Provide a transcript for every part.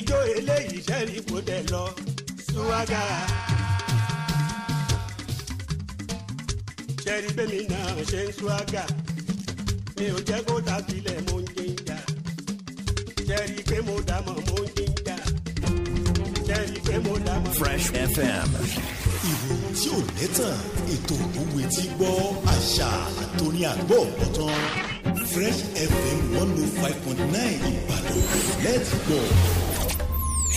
ijó eléyìí sẹ́rí kò dẹ̀ lọ ṣúwágà. sẹ́rí bẹ́mi náà ṣe ń ṣúwágà mi ò jẹ́ kó tàbílẹ̀ mo ń jíjà sẹ́rí pé mo dà mọ̀ mo ń jíjà sẹ́rí pé mo dà mọ̀. Fresh FM ìròyìn tí ò lẹ́tàn ètò òwe tí gbọ́ àṣà àtòrí àgbọ̀ ọ̀tán Fresh FM one oh five point nine Ìbàdàn let's go.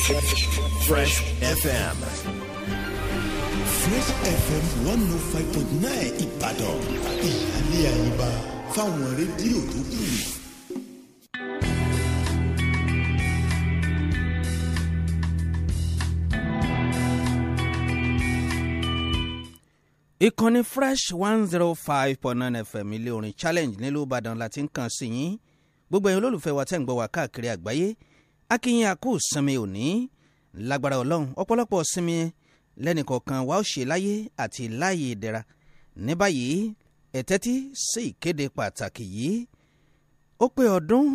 Fresh FM. Fresh FM one oh five point nine Ìbàdàn ìyáálé àyíbá fáwọn rédíò tó kù. ìkànnì fresh one zero oh five point nine fm ilé orin challenge nílùú ìbàdàn la ti ń kàn sí yín gbogbo ẹ̀yin olólùfẹ́ wa tẹ́ ń gbọ́ wa káàkiri àgbáyé akínyìn àkó sinmi òní lágbára ọlọ́run ọ̀pọ̀lọpọ̀ sinmi lẹ́nìkọ̀ọ̀kan wa ó ṣe láyé àti láàyè ìdẹ̀ra ní báyìí ẹ tẹ́tí sí ìkéde pàtàkì yìí ó pé ọdún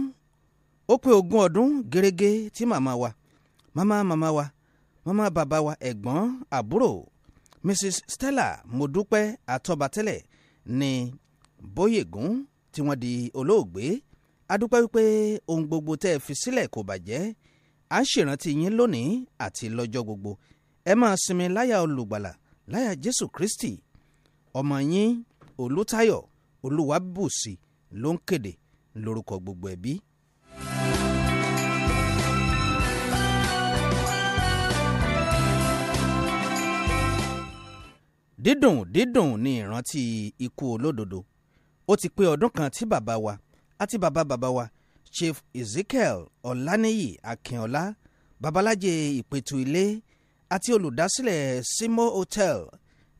ó pé ogún ọdún gẹ́rẹ́gẹ́ tí màmá wa màmá màmá wa màmá bàbá wa ẹ̀gbọ́n àbúrò Mrs Stella Modúpẹ́ Àtọ́bátẹ́lẹ̀ ní Bóyègún tí wọ́n di olóògbé adúpẹ́ wípé ohun gbogbo tẹ́ ẹ fi sílẹ̀ kò bàjẹ́ à ń ṣèrántí yín lónìí àti lọ́jọ́ gbogbo ẹ máa sinmi láyà olùgbàlà láyà jésù kristi ọmọ yín olùtayọ̀ olúwàbùsì ló ń kéde lórúkọ gbogbo ẹbí. dídùn dídùn ni ìrántí ikú olódodo ó ti pé ọdún kan tí bàbá wa àti bàbá bàbá wa Chief Ezekiel Ọláníyì Akínọlá babaláje ìpẹ̀tù ilé àti olùdásílẹ̀ Simo Hotel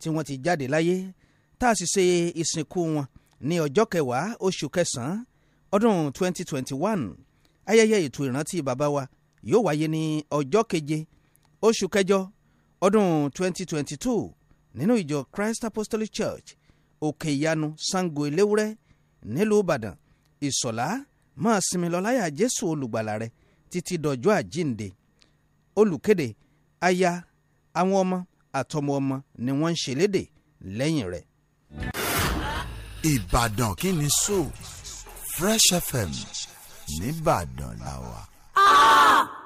tí wọ́n ti jáde láyé tá a sì ṣe ìsìnkú wọn ní ọjọ́ kẹwàá oṣù kẹsàn-án ọdún 2021 ayẹyẹ ètò ìrántí bàbá wa yóò wáyé ní ọjọ́ keje oṣù kẹjọ ọdún 2022 nínú ìjọ Christ Apostolic Church òkè ìyanu Sango Eléwúrẹ́ nílùú Ìbàdàn ìsọ̀lá máa sinmi lọ láyà jésù olùgbàlà rẹ títí dọjọ́ àjínde olùkéde aya àwọn ọmọ àtọmọ ọmọ ni wọ́n ń ṣèlédè lẹ́yìn rẹ̀. ìbàdàn kí ni so fresh fm nìbàdàn làwà. Ah!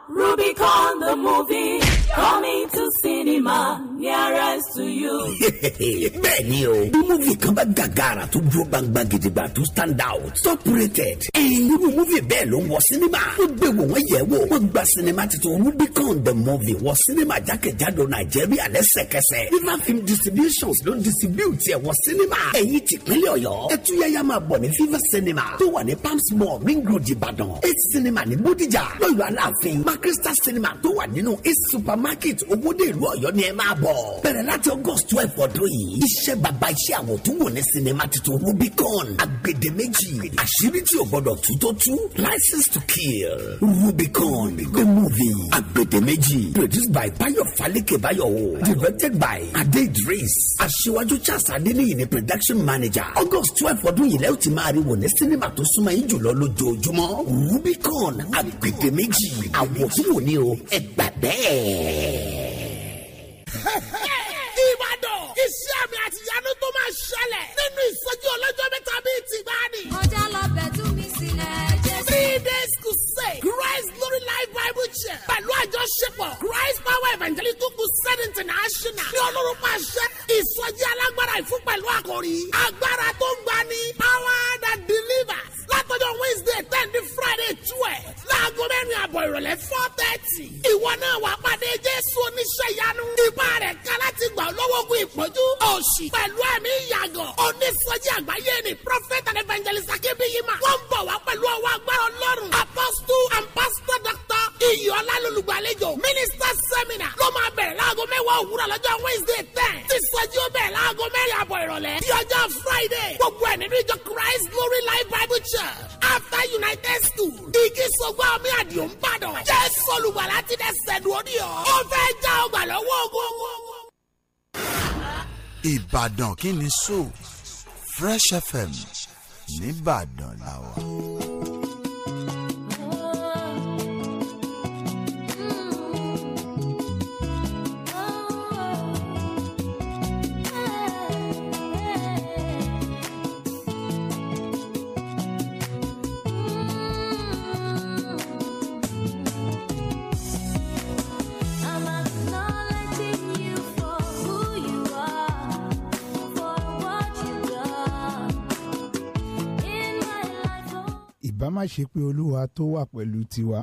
Rubicon the movie coming to cinema nearest to you. bẹ́ẹ̀ni o múvì kan bá gàgàrà tó dúró gbangba gidigba tó stand out top rated. irú múvì bẹ́ẹ̀ ló ń wọ sinima. wọ́n gbé wò wọ́n yẹ̀ wò wọ́n gba sinima titun Rubicon the movie wọ sinima jákèjádò Nàìjíríà lẹ́sẹ̀kẹsẹ̀. Viva Film Distributions ló ń distribute ẹ̀ wọ sinima. ẹ̀yin tìpínlẹ̀ Ọ̀yọ́ ẹtúyẹ́yà máa bọ̀ ní Viva cinema tó wà ní Palms Mall Ring Road Ìbàdàn eight cinema ní Bódìjà lọ́yọ̀ Aláàfin má crystal cinema tó wà nínú east supermarket owóde ìlú ọ̀yọ́ ni ẹ máa bọ̀ bẹ̀rẹ̀ láti august twelve ọdún yìí iṣẹ́ bàbá iṣẹ́ àwọn tó wò ní cinema titun rubicon agbedeméjì àṣírí tí o gbọdọ̀ tú tó tú license to kill rubicon the movie agbedeméjì produced by bayo falike bayowo directed by ade idris aṣíwájú charles adeniyi ni production manager august twelve ọdún yìí lẹ́yìn tí máa rí wò ní cinema tó súnmọ́ yín jùlọ lójoojúmọ́ rubicon agbedeméjì àwọn tún wò ni o ẹ gbà bẹ́ẹ̀. ìbàdàn iṣẹ́ àmì àtìyanu tó máa ṣẹlẹ̀ nínú ìsọjí ọlọ́jọ́ mẹ́ta bíi tìgbàanì. ọjà lọ bẹ̀tú mi sílẹ̀ jésù. three days to say, christ glory life bible church pẹ̀lú àjọṣepọ̀ christ power evangelical crusade international ní ọlọ́run pàṣẹ ìsọjí alágbára ìfún pẹ̀lú àkòrí agbára tó ń gbani power that lọ́jọ́ wednesday ten ní friday twelve láago mẹ́rin àbọ̀ ìrọ̀lẹ́ four thirty. ìwọ náà wàá pàdé jésù oníṣẹ́ ìyanu. ipá rẹ̀ ká láti gbà olówógun ìpọ́njú òṣì pẹ̀lú ẹ̀mí ìyàgàn. onísọjí àgbáyé ni prophet and evangelist akébíyìmá. wọ́n ń bọ̀ wá pẹ̀lú ọwọ́ agbára ọlọ́run. apostle and pastor doctor iyì ọlálùlùgbàlejò minister seminar ló máa bẹ̀rẹ̀ láago mẹ́wàá òwúrọ̀ lọ́jọ́ wednesday ten tí ó bẹ̀rẹ̀ láago mẹ́rin àbọ̀ ìrọ̀lẹ́ di ọjọ́ friday gbogbo ẹ̀ nínú ìjọ christ glory life bible church after united school igi sọgbà omi àdìo ń bàdàn jésù olùgbàlà ti dẹ̀ sẹ̀dùn ọ ó fẹ́ já ọgbà lọ́wọ́ ogun. ìbàdàn kí ni so fresh fm nìbàdàn làwà. ká má ṣe pé olúwa tó wà pẹ̀lú tiwa.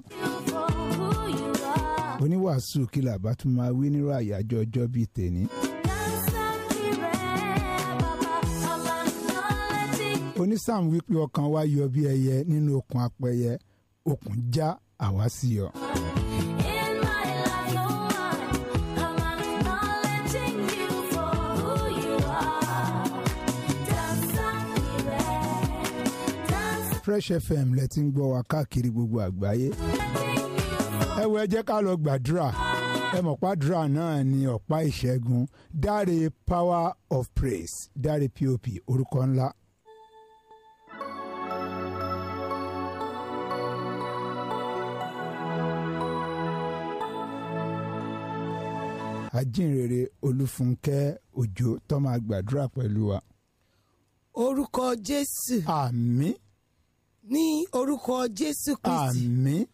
oníwàásù kìlà bá tún máa wí nírú àyájọ́ ọjọ́ bíi tèní. onísáàmù wípé ọkàn wa yọ bí ẹyẹ nínú okùn apẹyẹ okùn já àwa sí yọ. Fresh FM lẹ ti ń gbọ́ wa káàkiri gbogbo àgbáyé ẹ wo ẹ jẹ́ ká lọ gbàdúrà ẹ mọ̀ pàdúrà náà ni ọ̀pá ìṣẹ́gun dáre power of praise dáre pop orúkọ ńlá ajínrere olúfúnkẹ́ òjò tó máa gbàdúrà pẹ̀lú wa. orúkọ jésù. àmín ní orúkọ jésù kristi àmín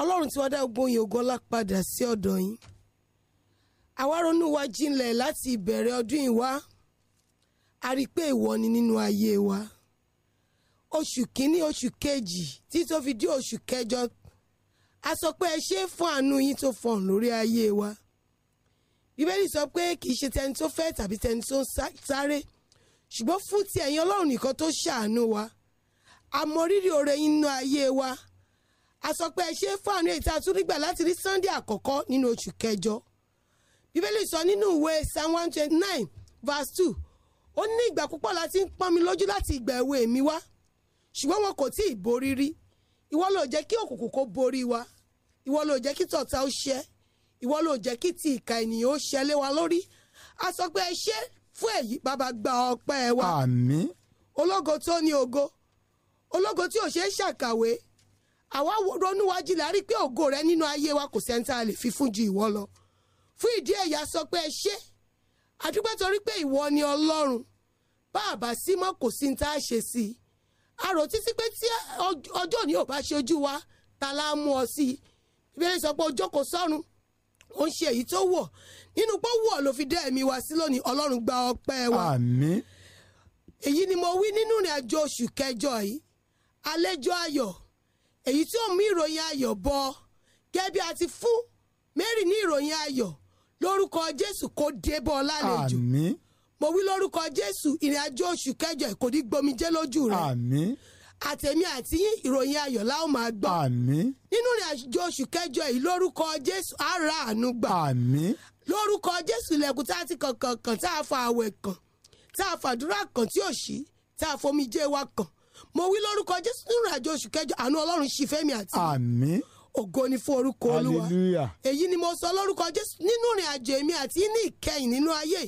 ọlọ́run tí wọ́n dá gbogbo yìí ògo ọlá sí ọ̀dọ̀ yín àwa ronú wa jinlẹ̀ láti ìbẹ̀rẹ̀ ọdún yìí wá a rí i pé ìwọ ni nínú ayé wa oṣù kínní oṣù kejì tí tó fi dé oṣù kẹjọ a sọ pé ẹ ṣe é fún àánú yín tó fọhùn lórí ayé wa bíbélì sọ pé kì í ṣe tẹni tó fẹ́ tàbí tẹni tó ń sáré ṣùgbọ́n fún ti ẹ̀yin ọlọ́run nìkan tó ṣàánú wa a mọrírì oore yín nínú ayé wa a sọ pé ẹ ṣe fún àánú èyí tí a tún rí gbà láti rí sunday àkọ́kọ́ nínú oṣù kẹjọ bíbélì sọ nínú ìwé psalm one twenty nine verse two ó ní ìgbà púpọ̀ láti ń pọ́n mi lójú láti ìgbà èwe mi wá ṣùgbọ́n wọn kò tí ì borí rí ìwọ ló jẹ́ kí òkùnkùn kó borí wa ìwọ ló jẹ́ kí tọ̀tá ó ṣẹ́ ìwọ ló jẹ́ kí ti ìka ènìyàn ó ṣẹ́ lé wa lórí a sọ pé ṣe fún èyí bàbá gba ọpẹ́ wa ológo tó ní ògo ológo tí ò ṣe é ṣàkàwé àwa ronú wa jìlá rí pé ògo rẹ nínú ayé wa kò sẹ́ńtà lè fi fún ju ìwọ lọ fún ìdí èyà sọ pé ẹ ṣe àdúgbò torí pé ìwọ ni ọlọ́run bá a bá sí mọ́ kò sí ní tá a ṣe sí i àrò títí pé tí ọjọ́ òní ò bá ṣe ojú wa ta la mú ọ sí i ìbéèrè sọ pé ọjọ́ kò sọ́run ó ń ṣe èyí tó wọ̀ nínú pé wọ̀ ló fi dá ẹ̀mí wa sí lónìí ọlọ́run gba ọpẹ́ wa èyí ni mo wí nínú ìrìn oṣù kẹjọ yìí àlejò ayọ̀ èyí tí ó mú ìròyìn ayọ̀ bọ̀ gẹ́gẹ́ bí fún Mary ní ìròyìn ayọ̀ lórúkọ Jésù kó débọ̀ lálejò mo wí lórúkọ Jésù ìrìn àjò oṣù kẹjọ kò ní gbomijé lójú rẹ àmín àtẹ̀mí àti yín ìròyìn ayọ̀ la ó máa gbọ́. àmín. nínú ìrìn àjò oṣù kẹjọ yìí lórúkọ jésù á ra àánú gbà. lórúkọ jésù ilẹ̀kùn tá a ti kàn kàn kàn tá a fa àwẹ̀ kàn tá a fàdúrà kàn tí ò ṣí tá a fomijé wa kàn mo wí lórúkọ jésù nínú ìrìnàjò oṣù kẹjọ àánú ọlọ́run ṣí fẹ́mi àti. àmín ògo ni fún orúkọ olúwa èyí ni mo sọ lórúkọ jésù nínú ìrìn àjò èmi àti ní ìkẹyìn nínú ayé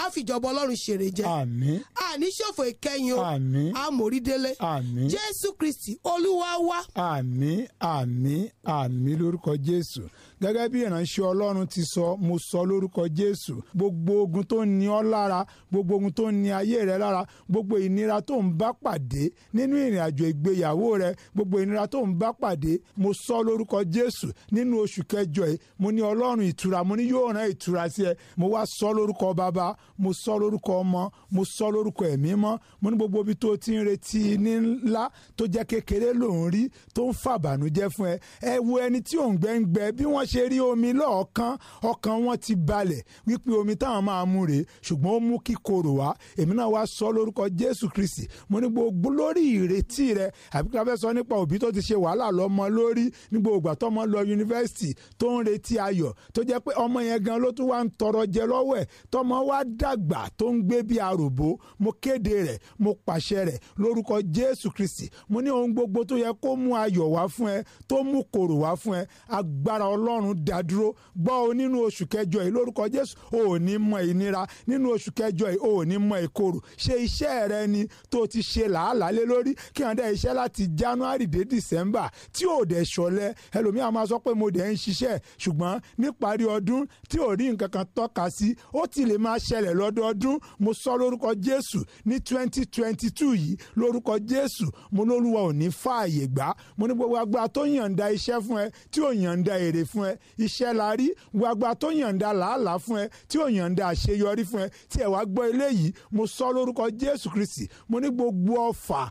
a fìjọba ọlọ́run ṣeré jẹ àmín àní ṣòfò ìkẹyìn o àmín amòrídélé àmín jésù kristi olúwa wa. àmín àmín àmín lórúkọ jésù gẹ́gẹ́ bí ìránṣẹ́ ọlọ́run ti sọ mo sọ lórúkọ jésù gbogbo ogun tó ń ni ọ́ lára gbogbo ogun tó ń ni ayé rẹ lára gbogbo ìnira tó ń bá pàdé nínú ìrìn àjò ìgbéyàwó rẹ gbogbo ìnira tó ń bá pàdé mo sọ lórúkọ jésù nínú oṣù kẹjọ yìí mo ní ọlọ́run ìtura mo ní yóò rán ìtura sí ẹ mo wá sọ lórúkọ bàbá mo sọ lórúkọ ọmọ mo sọ lórúkọ ẹ̀mí mọ́ mo ní gbogbo ibi tó ti ń retí ní ńlá tó jẹ́ kékeré lòún rí tó ń fàbànújẹ́ fún ẹ ẹ wo ẹni tí òǹgbẹ́ ń gbẹ bí wọ́n ṣe rí omi lọ́ọ̀kan ọkàn wọn ti balẹ̀ wípé omi táwọn máa mú rèé ṣùgbọ́n ó mú kíkorò wá èmi náà wá sọ lórúkọ Jésù Kristi mo ní gbogbo lórí ìrètí rẹ àbí kí la fẹ́ sọ nípa òbí tó ti ṣe wàhálà lọ́mọ lórí ní gbogbo ìgbà tọ́mọ lọ yunifásitì tó ń retí ayọ̀ tó jẹ́ pé ọmọ yẹn gan ló tún wá ń tọrọ jẹ lọ́wọ́ ẹ̀ tọ́mọ wá dàgbà tó ń gbé bí aròbó mo kéde rẹ̀ mo pàṣẹ rẹ̀ lórúkọ Jésù Kristi mo ní ohun gbogbo tó yẹ kó mú ayọ̀ wá fún ẹ tó mú korò wá fún ẹ agbára ọlọ́ ọlọ́run dá dúró gbọ́ o nínú oṣù kẹjọ yìí lórúkọ jésù o ò ní mọ ìnira nínú oṣù kẹjọ yìí o ò ní mọ ìkorò ṣe iṣẹ́ rẹ ni tó ti ṣe làálàá lé lórí kí wọ́n iṣẹ́ láti january dé december tí ò dẹ̀ ṣọlẹ̀ ẹlòmíì á máa sọ pé mo dẹ̀ ń ṣiṣẹ́ ṣùgbọ́n níparí ọdún tí ò rí nǹkan kan tọ́ka sí ó ti lè máa ṣẹlẹ̀ lọ́dọọdún mo sọ lórúkọ jésù ní twenty twenty two yìí lórúkọ jésù mo lólúwa ò ní fààyè gbà mo ní gbogbo agbára tó yànda iṣẹ́ fún ẹ tí ò yànda èrè fún fún ẹ iṣẹ́ la rí gbagba tó yànda làálàá fún ẹ tí ò yànda àṣeyọrí fún ẹ tí ẹ wá gbọ́ eléyìí mo sọ lórúkọ Jésù Kristi mo ní gbogbo ọfà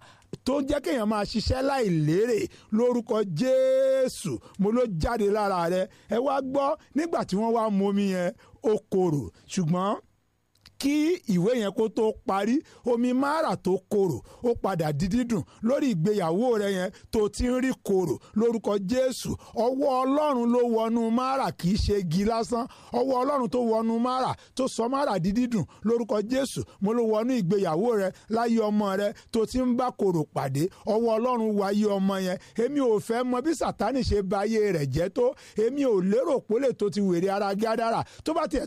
tó jẹ́ kéèyàn máa ṣiṣẹ́ láì lérè lórúkọ Jésù mo ló jáde lára rẹ ẹ wá gbọ́ nígbà tí wọ́n wá momi yẹn ó ṣùgbọ́n kí ìwé yẹn kó tó parí omi mara tó korò ó padà di dídùn lórí ìgbéyàwó rẹ yẹn tó ti ń rí korò lórúkọ Jésù ọwọ́ Ọlọ́run ló wọnú mara kì í ṣe igi lásán ọwọ́ Ọlọ́run tó wọnú mara tó sọ mara di dídùn lórúkọ Jésù mo ló wọnú ìgbéyàwó rẹ láyé ọmọ rẹ tó ti ń bá korò pàdé ọwọ́ Ọlọ́run wáyé ọmọ yẹn èmi ò fẹ́ mọ bí Sátánì ṣe ba ayé rẹ̀ jẹ́ tó èmi ò lérò pólè tó ti wèrè ara gádàrà tó bá tiẹ̀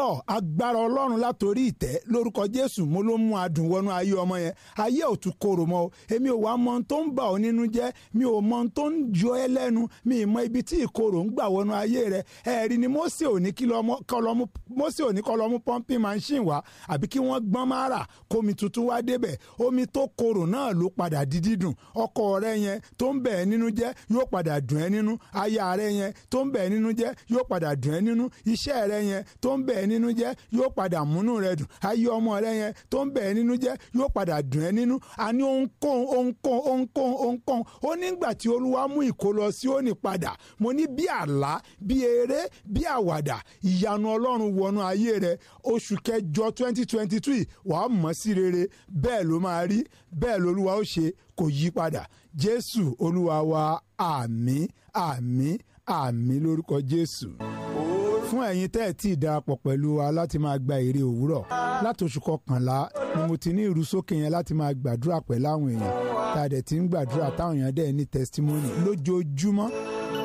bọ̀ agbára ọlọ́run látòrí ìtẹ́ lórúkọ jésù mo ló mú adùn wọnú ayé ọmọ yẹn ayé ò tún korò mọ́ o èmi ò wá mọ tó ń bà ọ́ nínú jẹ́ mi ò mọ tó ń yọ ẹ́ lẹ́nu mi ì mọ ibi tí ìkorò ń gbà wọnú ayé rẹ ẹ̀rí ni Mósè ò ní kọlọ́mú pọ́ńpì machine wá àbí kí wọ́n gbọ́n máa rà kómi tuntun wá débẹ̀ omi tó korò náà ló padà di dídùn ọkọ rẹ yẹn tó ń bẹ̀ ẹ́ nínú jẹ́ yóò padà dùn ẹ́ nínú aya rẹ yẹn tó ń bẹ̀ ẹ́ nínú jẹ́ yóò padà dùn ẹ́ nínú iṣẹ́ rẹ yẹn tó ń bẹ̀ ẹ́ nínú jẹ́ yóò padà múnú rẹ dùn ayé ọmọ rẹ yẹn tó ń bẹ̀ ẹ́ nínú jẹ́ yóò padà dùn ẹ́ nínú àní ohunkóhun ohunkóhun ohunkóhun ohunkóhun ó nígbà tí olúwa mú ìkó lọ sí òní padà mo ní bí àlá bí eré bí àwàdà ìyanu ọlọ́run wọnú ayé rẹ oṣù kẹjọ twenty twenty three wàá mọ̀ sí rere bẹ́ẹ̀ ló máa rí bẹ́ẹ̀ lolúwa ó ṣe kò yí padà jésù olúwa wa àmín àmín àmín lórúkọ jésù fún ẹ̀yin tẹ́ ẹ̀ tí ì darapọ̀ pẹ̀lú wa láti máa gba èrè òwúrọ̀ láti oṣù kọkànlá ni mo ti ní ìrúsókè yẹn láti máa gbàdúrà pẹ̀lú àwọn èèyàn tá a dẹ̀ ń gbàdúrà táwọn èèyàn dẹ̀ ní testimony lójoojúmọ́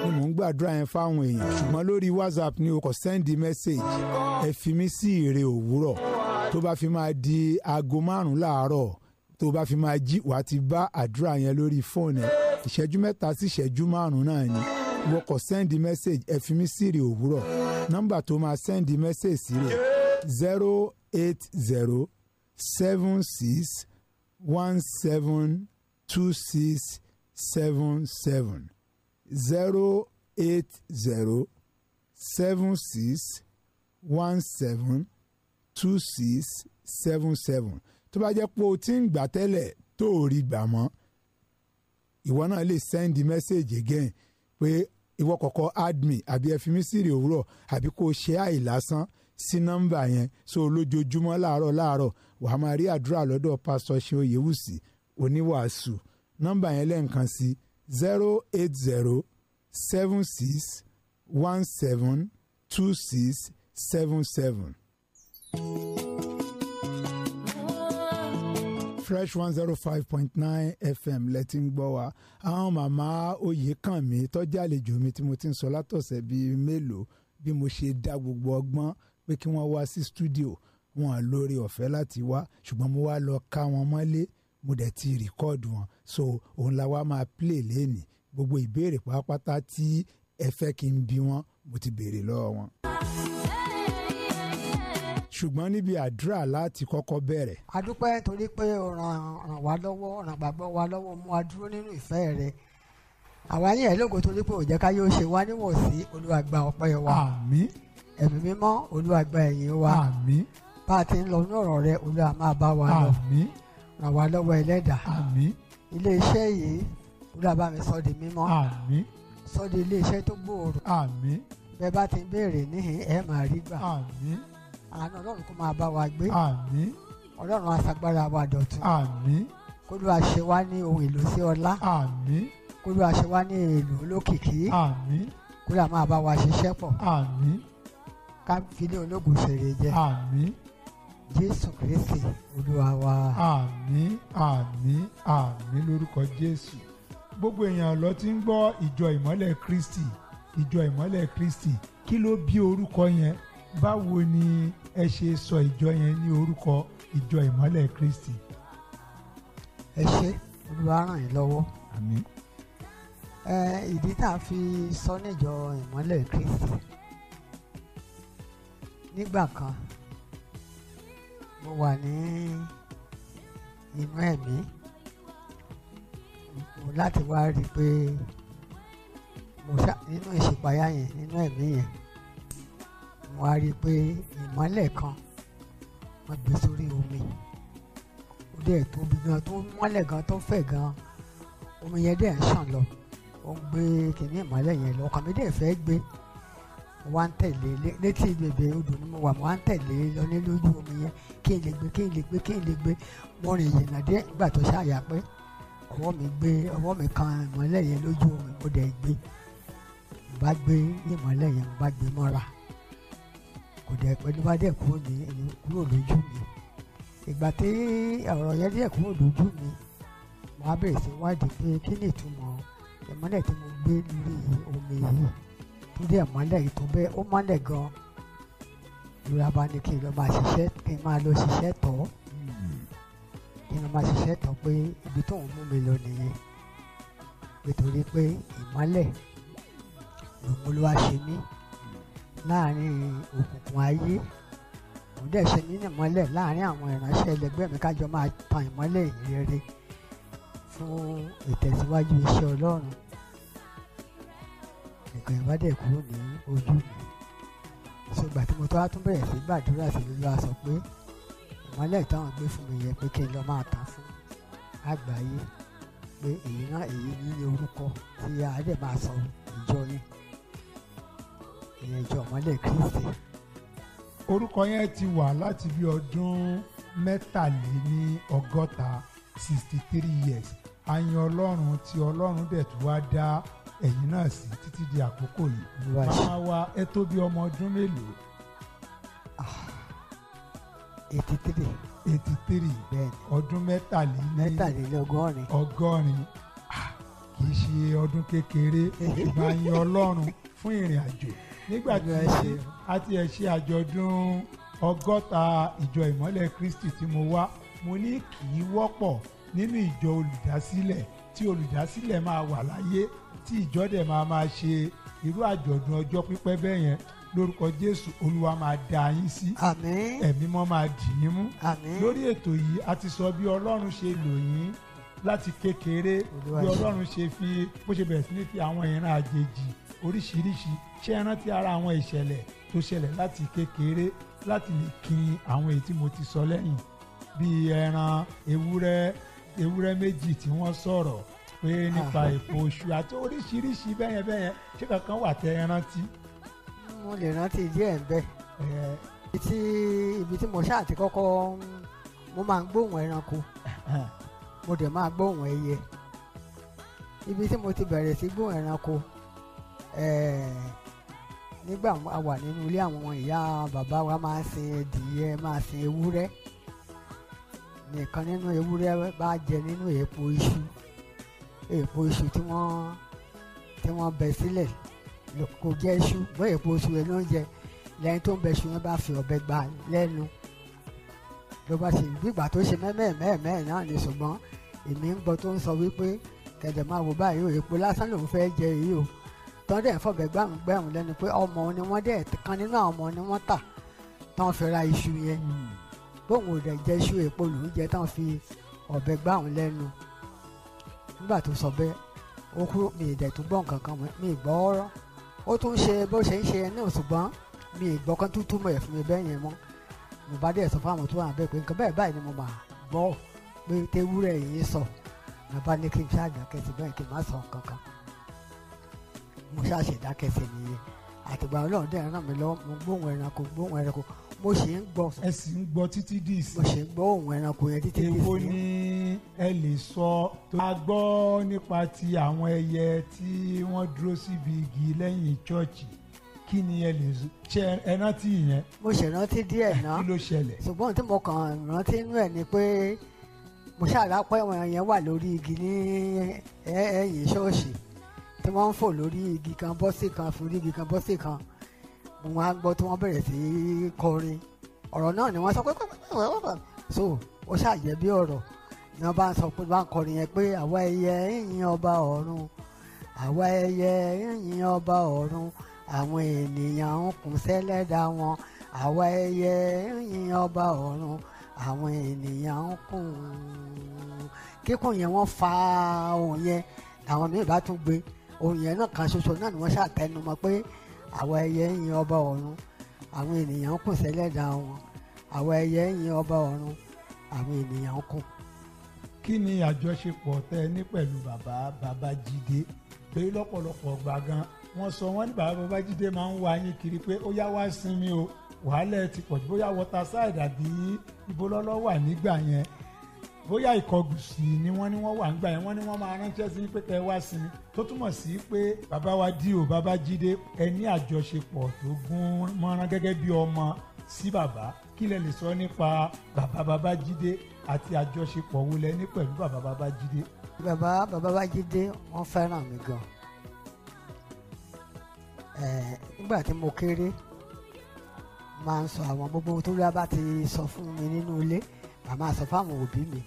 ni mò ń gbàdúrà yẹn fáwọn èèyàn ṣùgbọ́n lórí whatsapp ni o kò send message ẹ fi mí sí èrè òwúrọ̀ tó bá fi máa di aago márùn-ún láàárọ̀ tó bá fi máa jí wàá ti bá àdúrà yẹn lórí fóònù ìṣẹ́jú mẹ́ta sí ìṣẹ́jú márùn-ún náà ni mo kọ sẹ́ndì message. ẹ fi mí sírì òwúrọ̀ nọ́mbà tó máa sẹ́ndì message sí rẹ̀ zero eight zero seven six one seven two six seven seven zero eight zero seven six one seven two six seven seven tó bá jẹ́ pé o ti ń gbà tẹ́lẹ̀ tó o rí gbà mọ́ ìwọ náà lè sẹ́ndì mẹ́sẹ̀gì again pé ìwọ kọ̀kọ́ add me àbí ẹ fi mí sí ìrè òwúrọ̀ àbí kó o ṣe àì lásán sí nọ́mbà yẹn so lójoojúmọ́ láàárọ̀ láàárọ̀ wà á máa rí àdúrà lọ́dọ̀ pásítọ̀ ṣe Oyèwùsì oníwàásù nọ́mbà yẹn lẹ́ǹkan sí zero eight zero seven six one seven two six seven seven fresh one zero oh five point nine fm lẹ ti ń gbọ́ wa àwọn màmá oyèkànmí tọ́jú àlejò mi tí mo ti ń sọ látọ̀sẹ̀ bíi mélòó bí mo ṣe dá gbogbo ọgbọ́n pé kí wọ́n wá sí studio wọn lórí ọ̀fẹ́ láti wá ṣùgbọ́n mo wá lọ ká wọn mọ́lé mo dẹ̀ ti rìkọ́ọ̀dù wọn so òun la wá máa play lẹ́nìí gbogbo ìbéèrè pátápátá tí ẹ fẹ́ kí n bí wọn mo ti béèrè lọ́wọ́ wọn ṣùgbọ́n níbi àdúrà láti kọ́kọ́ bẹ̀rẹ̀. a dúpẹ́ torí pé o ràn ràn wá lọ́wọ́ ràn bàbá wa lọ́wọ́ mú wa dúró nínú ìfẹ́ rẹ àwa yín ẹ̀ lógo torí pé òjẹ́ ká yóò ṣe wá níwọ̀nsí Olúwa gba ọpẹ́ wa àmín ẹ̀mí mímọ́ Olúwa gba ẹ̀yìn wa àmín bá a ti ń lọ nínú ọ̀rọ̀ rẹ Olúwa máa bá wa lọ àmín ràn wá lọ́wọ́ ẹlẹ́dàá àmín ilé iṣẹ́ yìí Olúwa bá mi sọ di mímọ́ àmín sọ di ilé iṣẹ́ tó gbòòrò àmín bẹ́ẹ̀ bá ti ń béèrè níhìn ẹ̀ máa rí gbà àmín àánú ọlọ́run kó máa bá wa gbé àmín ọlọ́run aṣagbára wa dọ̀tun àmín kólúwa ṣe wá ní ohun èlò sí ọlá àmín kólúwa ṣe wá ní èlò olókìkí àmín kólúwa máa bá wa ṣiṣẹ́ pọ̀ àmín ká filé ológun ṣèrè jẹ àmín jésù kristi olúwa wa. àmín àmín àmín lórúkọ jésù gbogbo èèyàn ló ti ń gbọ́ ìjọ ìmọ́lẹ̀ kristi ìjọ ìmọ́lẹ̀ kristi kí ló bí orúkọ yẹn báwo ni ẹ ṣe sọ ìjọ yẹn ní orúkọ ìjọ ìmọ́lẹ̀ Kristi. ẹ ṣé olúwa ràn yín lọ́wọ́. àmín. ẹ ìdí tá a fi sọ níjọ ìmọ́lẹ̀ Kristi nígbà kan mo wà ní inú ẹ̀mí láti wá rí i pé mo ṣá nínú ìṣèpáyà yẹn nínú ẹ̀mí yẹn wá rí i pé ìmọ́lẹ̀ kan wọ́n gbé sórí omi ó dẹ̀ tóbi gan tó mọ́lẹ̀ gan tó fẹ̀ gan omi yẹn dẹ̀ ń ṣàn lọ ó ń gbé kìnìún ìmọ́lẹ̀ yẹn lọ ọkàn mi dẹ̀ fẹ́ gbé wá ń tẹ̀lé létí bèbè odò ni mo wà mo wá ń tẹ̀lé lọ ní lójú omi yẹn kí n lè gbé kí n lè gbé kí n lè gbé mo rìn ìyìnà dé ìgbà tó ṣáàyà pé ọwọ́ mi gbé ọwọ́ mi kan ìmọ́lẹ̀ yẹn lójú omi mo dẹ̀ gbé mo bá gbé ìmọ́lẹ̀ yẹn mo bá gbé mọ́ra kò dẹ̀ pẹ̀lú bá dẹ̀ kúrò ní ẹ̀yìn kúrò lójú mi ìgbà tí ọ̀rọ̀ yẹn dẹ̀ kúrò lójú mi mo á bẹ̀rẹ̀ sí wádìí pé kí ni ìtumọ̀ ìmọ́lẹ̀ tí mo gbé lórí omi yìí tó dẹ̀ mọ́lẹ̀ tó bẹ́ẹ̀ ó mọ́lẹ̀ gan-an lóra bá ní kí n lọ máa ṣiṣẹ́ kí n máa lọ ṣiṣẹ́ tọ́ kí n lọ máa ṣiṣẹ́ tọ́ pé ibi tóun mú mi lọ nìyẹn nítorí pé ìmọ́lẹ̀ lòun ló wá ṣe mí láàrin òkùnkùn ayé òun dẹ̀ ṣe mí nímọ́lẹ̀ láàrin àwọn ìránṣẹ́ ẹlẹgbẹ́ mi kájọ máa tan ìmọ́lẹ̀ ìrere fún ìtẹ̀síwájú iṣẹ́ ọlọ́run nìkan ìwádìí kúrò ní ojú mi ṣùgbà tí mo tó wá tún bẹ̀rẹ̀ sí gbàdúrà sí ló wá sọ pé ìmọ́lẹ̀ táwọn gbé fún mi yẹ pé kí n lọ máa tàn fún àgbáyé pé èyí náà èyí ní orúkọ tí a dẹ̀ máa sọ ìjọ yìí ìyẹn ìjọ ìmọ́lẹ̀ Kristi. orúkọ yẹn ti wà láti bí ọdún mẹ́tàléní ọgọ́ta sixty three years a yan ọlọ́run tí ọlọ́run dẹ̀ tún wá dá ẹ̀yìn náà sí títí di àkókò yìí màmá wa ẹ tó bí ọmọ ọdún mélòó. Ah, eighty three. eighty three bẹ́ẹ̀ ni ọdún mẹ́tàléní mẹ́tàlélọ́gọ́rin ọgọ́rin ah, kì í ṣe ọdún kékeré ìgbà yan ọlọ́run fún ìrìn àjò nígbà tí a ti ẹ̀ ṣe àjọ̀dún ọgọ́ta ìjọ ìmọ́lẹ̀ Kristi tí mo wá mo ní kì í wọ́pọ̀ nínú ìjọ olùdásílẹ̀ tí olùdásílẹ̀ máa wà láyé tí ìjọ dẹ̀ máa máa ṣe irú àjọ̀dún ọjọ́ pípẹ́ bẹ́ẹ̀ yẹn lórúkọ jésù olúwa máa da yín sí àmín ẹ̀mí mọ́ máa dì yín mú lórí ètò yìí a ti sọ bí ọlọ́run ṣe lò yín láti kékeré bí ọlọ́run ṣe fi bó ṣe bẹ̀rẹ̀ sí ní fi àwọn ìran àjèjì oríṣiríṣi ṣé ẹ rántí ara àwọn ìṣẹ̀lẹ̀ tó ṣẹlẹ̀ láti kékeré láti lè kin àwọn èyí tí mo ti sọ lẹ́yìn bíi ẹran ewúrẹ́ ewúrẹ́ méjì tí wọ́n sọ̀rọ̀ pé nípa ah. èpo oṣù àti oríṣiríṣi bẹ́yẹn bẹ́yẹn ṣé kankan wà tẹ́ ẹ rántí. mo lè rántí díẹ̀ bẹ́ẹ̀ eh. ibi tí mo ṣáà ti kọ́kọ́ mo máa ń gbóhùn ẹranko mo dẹ̀ máa gbóhùn ẹyẹ ibi tí mo ti bẹ̀rẹ̀ sí gbóhùn ẹranko Eh, nígbà a wà nínú ilé àwọn ìyá bàbá wa máa ń sin ẹdìyẹ máa sin ewúrẹ́ nìkan nínú ewúrẹ́ bá jẹ nínú èèpo iṣu èèpo iṣu tí wọ́n tí wọ́n bẹ sílẹ̀ kò jẹ́ iṣu bọ́ èèpo iṣu yẹn ló ń jẹ lẹ́yìn tó ń bẹ iṣu yẹn bá fi ọ̀bẹ gbà lẹ́nu ló bá ṣe gbígbà tó ṣe mẹ́mẹ́ẹ̀mẹ́ẹ̀mẹ́ẹ̀ náà ni ṣùgbọ́n èmi ń gbọ́ tó ń sọ wípé kẹ̀dẹ̀ máa wò báyìí o èèpo lásán lòún fẹ́ jẹ èyí o tọ́ dẹ̀ fọ̀bẹ̀ gbàmù gbàmù lẹ́nu pé ọmọ ni wọ́n dẹ̀ kan nínú àwọn ọmọ ni wọ́n tà tán fi ra iṣu yẹn hmm. bóun ò dẹ̀ jẹ́ iṣu èpo lòún jẹ tán fi ọ̀bẹ gbàmù lẹ́nu nígbà tó sọ bẹ́ẹ̀ ó kúrò mi ì dẹ̀ tún gbọ́ nǹkan kan mi ì gbọ́ ọ̀rọ̀ ó tún ṣe bó ṣe ń ṣe ẹ náà ṣùgbọ́n mi ì gbọ́ kán tún túmọ̀ ẹ̀ fún mi bẹ́ẹ̀ yẹn mọ́ mo bá dẹ̀ sọ fáwọn tó wà bẹ́ẹ̀ pé nǹkan bẹ́ẹ̀ báyìí ni mo máa gbọ́ pé tewúrẹ́ yìí sọ nàbá ní kí n ṣáàjà kẹsì bẹ́ẹ̀ kí n má sọ nǹkan kan mo ṣàṣẹ dákẹ́sẹ̀ nìyẹn àtìgbà ọlọ́run dẹ̀ ràn mí lọ́wọ́ mo gbóhùn ẹranko gbóhùn ẹranko mo ṣe ń gbọ́. ẹ sì ń gbọ́ títí dì sí. mo ṣe ń gbọ́ ohùn ẹranko yẹn títí dì sí. èwo ni ẹ lè sọ a gbọ́ nípa ti àwọn ẹyẹ tí wọ́n dúró síbi igi lẹ́yìn chọ́ọ̀chì kí ni ẹ lè ṣe ẹ rántí yẹn. mo ṣe rántí díẹ̀ náà kí ló ṣẹlẹ̀. ṣùgbọ́n tí mo kàn rántí inú ẹ̀ ni pé mo ṣàlàpọ̀ ẹ̀wọ̀n yẹn wà lórí igi ní ẹ̀yìn ṣọ́ọ̀ṣì tí wọ́n ń fò lórí igi kan bọ́sì kan forí igi kan bọ́sì kan wọ́n á gbọ́ tí wọ́n bẹ̀rẹ̀ sí í kọrin ọ̀rọ̀ náà ni wọ́n sọ pé so ó ṣàjẹ́ bí ọ̀rọ̀ ni wọ́n bá ń sọ pé bá ń kọrin yẹn pé àwa ẹyẹ yìnyín ọba ọ̀run àwa ẹyẹ yìnyín ọba ọ̀run àwọn ènìyàn ń kún sẹ́lẹ́dà wọn àwa ẹyẹ yìnyín ọba ọ̀run àwọn ènìyàn ń kún kíkún yẹn wọ́n fa ohun yẹn àwọn míì bá tún gbé òun yẹn náà kan ṣoṣo náà ni wọ́n ṣàtẹnumọ́ pé àwọn ẹyẹ ń yin ọba ọ̀run àwọn ènìyàn ń kù sẹ́lẹ̀dá wọn àwọn ẹyẹ ń yin ọba ọ̀run àwọn ènìyàn ń kù. kí ni àjọṣepọ̀ tẹ ní pẹ̀lú bàbá Babájídé pé lọ́pọ̀lọpọ̀ gbàgán wọ́n sọ wọ́n ní bàbá Babájídé máa ń wá yín kiri pé ó yá wá sinmi o wàhálẹ̀ ti pọ̀ bóyá water side àbí ibo wà nígbà yẹn bóyá ìkọgùsì ni wọ́n ní wọ́n wà ń gbà yẹn wọ́n ní wọ́n máa ránṣẹ́ sí pé kẹ́ ẹ wá sinmi tó túmọ̀ sí pé bàbá wa dí o bàbá jíde ẹ ní àjọṣepọ̀ tó gún mọ́rán gẹ́gẹ́ bí ọmọ sí bàbá kí lẹ lè sọ nípa bàbá bàbá jíde àti àjọṣepọ̀ wo lẹ ní pẹ̀lú bàbá bàbá jíde. bàbá bàbá bá jíde wọ́n fẹ́ràn mi gan nígbà tí mo kéré máa ń sọ àwọn gbogbo tó rí abá ti sọ fún mi nínú ilé màmá sọ fáwọn òbí mi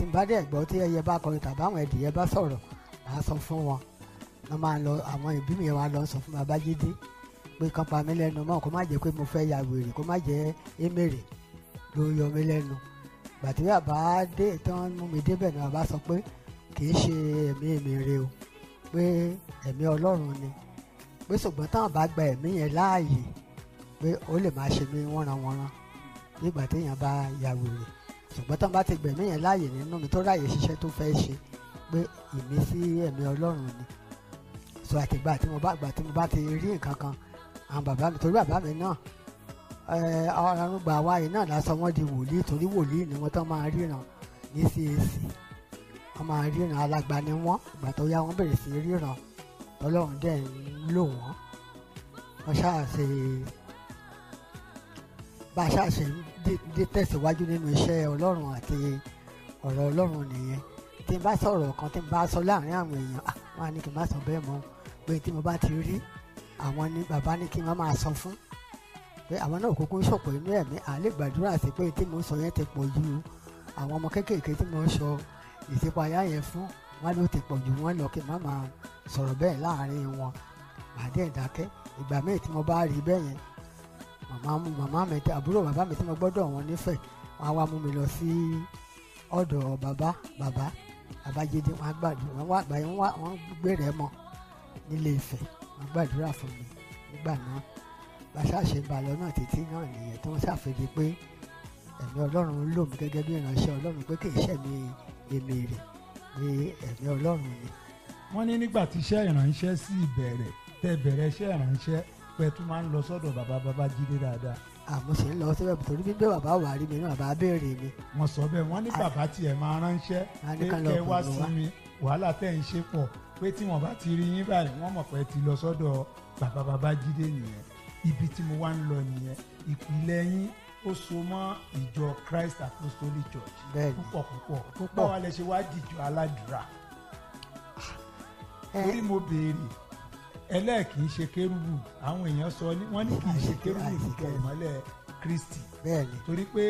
tí n bá dẹ̀ gbọ́ tí ẹyẹ bá kọrin tàbí àwọn ẹdìyẹ bá sọ̀rọ̀ màá sọ fún wọn wọn máa lọ àwọn ìbí mi wa lọ sọ fún Babájídé pé kan pa mí lẹ́nu mọ́ kó má jẹ́ pé mo fẹ́ ya wèrè kó má jẹ́ émèrè ló yọ mí lẹ́nu gbàtí bàbá dé tán mú mi débẹ̀ ni bàbá sọ pé kì í ṣe ẹ̀mí èmi re o pé ẹ̀mí Ọlọ́run ni pé ṣùgbọ́n táwọn bá gba ẹ̀mí yẹn láàyè pé ó lè máa ṣe mí wọ́nranwọ́nran nígbà téèyàn bá ya wèrè ṣùgbọ́n tó ń bá ti gbẹ̀mí yẹn láàyè nínú mi tó ráàyè ṣiṣẹ́ tó fẹ́ ṣe pé ìmísí ẹ̀mí ọlọ́run ni so àtìgbà tí mo bá gbà tí mo bá ti rí nǹkan kan àwọn bàbá mi torí bàbá mi náà eh, ọ̀run gbà wáyé náà lásán wọ́n di wòlíì torí wòlíì ni wọ́n tán máa ríran ní CAC wọ́n máa ríran alàgbà ni wọ́n ìgbà tó yá wọ́n bẹ̀rẹ̀ sí ríran ọlọ́run dẹ̀ ń lò wọ́n wọ́n ṣáà bá a ṣáà ṣe dé tẹ̀síwájú nínú iṣẹ́ ọlọ́run àti ọ̀rọ̀ ọlọ́run nìyẹn tí n bá sọ̀rọ̀ kan tí n bá sọ láàrin àwọn èèyàn ah, wọn á ní kí má sọ bẹ́ẹ̀ mọ́ pé tí mo bá ti rí àwọn ni bàbá ní kí n má máa sọ fún pé àwọn náà kúkú ń ṣọ̀pọ̀ inú ẹ̀mí àlè gbàdúrà sí pé tí mo sọ yẹn ti pọ̀ ju àwọn ọmọ kéékèèké tí mo sọ ìsípayá yẹn fún wọn ló ti pọ̀ ju wọn lọ kí n má máa sọ̀rọ̀ bẹ́ẹ̀ láàrin wọn màá dẹ̀ ìgbà míì tí mo bá rí bẹ́ẹ̀ yẹn màmá màmá mi àbúrò bàbá mi tí mo gbọ́dọ̀ wọn nífẹ̀ẹ́ wọn á wá mú mi lọ sí ọ̀dọ̀ bàbá bàbá babájídé wọn á gbàdúrà wọn wá àgbà yẹn wọn gbèrè mọ nílé Ifẹ̀ wọn gbàdúrà fún mi nígbà náà bàṣà ṣe ń ba lọ́nà títí náà nìyẹn tí wọ́n ṣàfihàn pé ẹ̀mí ọlọ́run lò mí gẹ́gẹ́ bí ìránṣẹ́ ọlọ́run pé kì í ṣe mi èmi rè ni ẹ̀mí ọlọ́run ni. wọ́n ní nígbà tí iṣẹ́ ìránṣẹ́ sì bẹ̀rẹ̀ tẹ́ bẹ̀rẹ̀ iṣẹ́ ìránṣẹ́ pẹ́ tó máa ń lọ sọ́dọ̀ bàbá bàbá jíde dáadáa. àmọ́ ṣe ń lọ síbẹ̀ torí bí bàbá wà rí mi náà bàbá béèrè mi. wọ́n sọ bẹ́ẹ̀ wọ́n ní bàbá tiẹ̀ máa ránṣẹ́ pé kẹ́ wá sí mi wàhálà tẹ̀ ń ṣe pọ̀ pé tí wọ́n bá ti rí yín báyìí wọ́n mọ̀ pé ti lọ sọ́dọ̀ bàbá bàbá jíde nìyẹn ibi tí mo wá ń lọ nìyẹn ìpìlẹ̀ yín ó so mọ́ ìjọ Christ Apostolic Church púpọ̀ púpọ̀ púpọ̀ báwa lẹ ṣe wá dìjọ aládùúrà eh. torí mo béèrè ẹlẹ́ẹ̀kì í ṣe kérúbù àwọn èèyàn sọ ní wọ́n ní kì í ṣe kérúbù fìkẹ́ ìmọ́lẹ̀ Kristi torí pé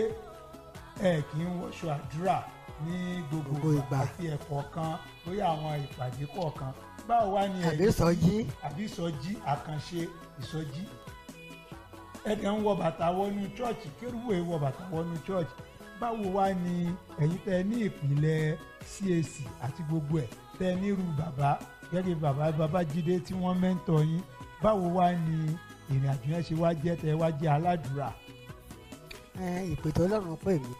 ẹ kì í wọṣọ àdúrà ní gbogbo ìgbà àti ẹ̀kọ́ kan lórí àwọn ìpàdé kọ̀ọ̀kan báwo wá ni ẹ̀yìn àbísọjí àbísọjí àkànṣe ìsọjí ẹ̀dẹ̀ ń wọ bàtà wọnú chọ́ọ̀chì kérúbù ẹ̀ wọ bàtà wọnú chọ́ọ̀chì báwo wá ni ẹ̀yin tẹ ní ìpìlẹ̀ CAC àti gbogbo ẹ̀ tẹ nírú bàbá gẹ́gẹ́ bàbá Babájídé tí wọ́n mẹ́ńtọ̀ yín báwo wá ni ìrìn àjò yẹn ṣe wá jẹ́ tẹ́ wá jẹ́ aládùúrà. ìpè tó lọ́rùn pè mí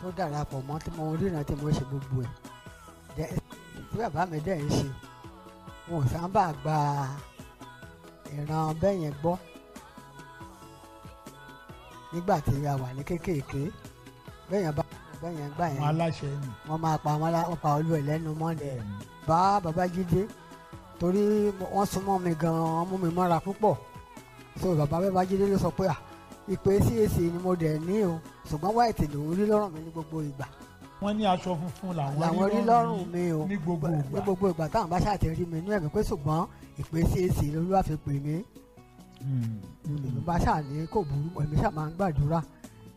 tó darapọ̀ mọ́ tí mo ríran tí mo ṣe gbogbo ẹ̀ tí bàbá mi dẹ̀ ń ṣe wọn ò sábà gba ìran bẹ́yẹn gbọ́ nígbà tí a wà ní kéékèèké bẹ́yẹn bá bẹ́yẹn gbà yẹn wọ́n máa pa wọ́n pa olú ẹ̀ lẹ́nu mọ́lẹ̀ bá Babájídé torí wọ́n súnmọ́ mi gan-an mú mi mọ́ra púpọ̀ so bàbá Babájídé ló sọ pé à ìpè CAC ni mo dẹ̀ ní o ṣùgbọ́n white lòún rí lọ́rùn mi ní gbogbo ìgbà wọ́n ní aṣọ funfun làwọn rí lọ́rùn mi o ní gbogbo ìgbà ní gbogbo ìgbà táwọn bá ṣàtẹ rí mi inú ẹ̀mí pé ṣùgbọ́n ìpè CAC lolúwa fi pè mí hmm, hmm. èmi bá ṣàní kò burú èmi ṣà máa ń gbàdúrà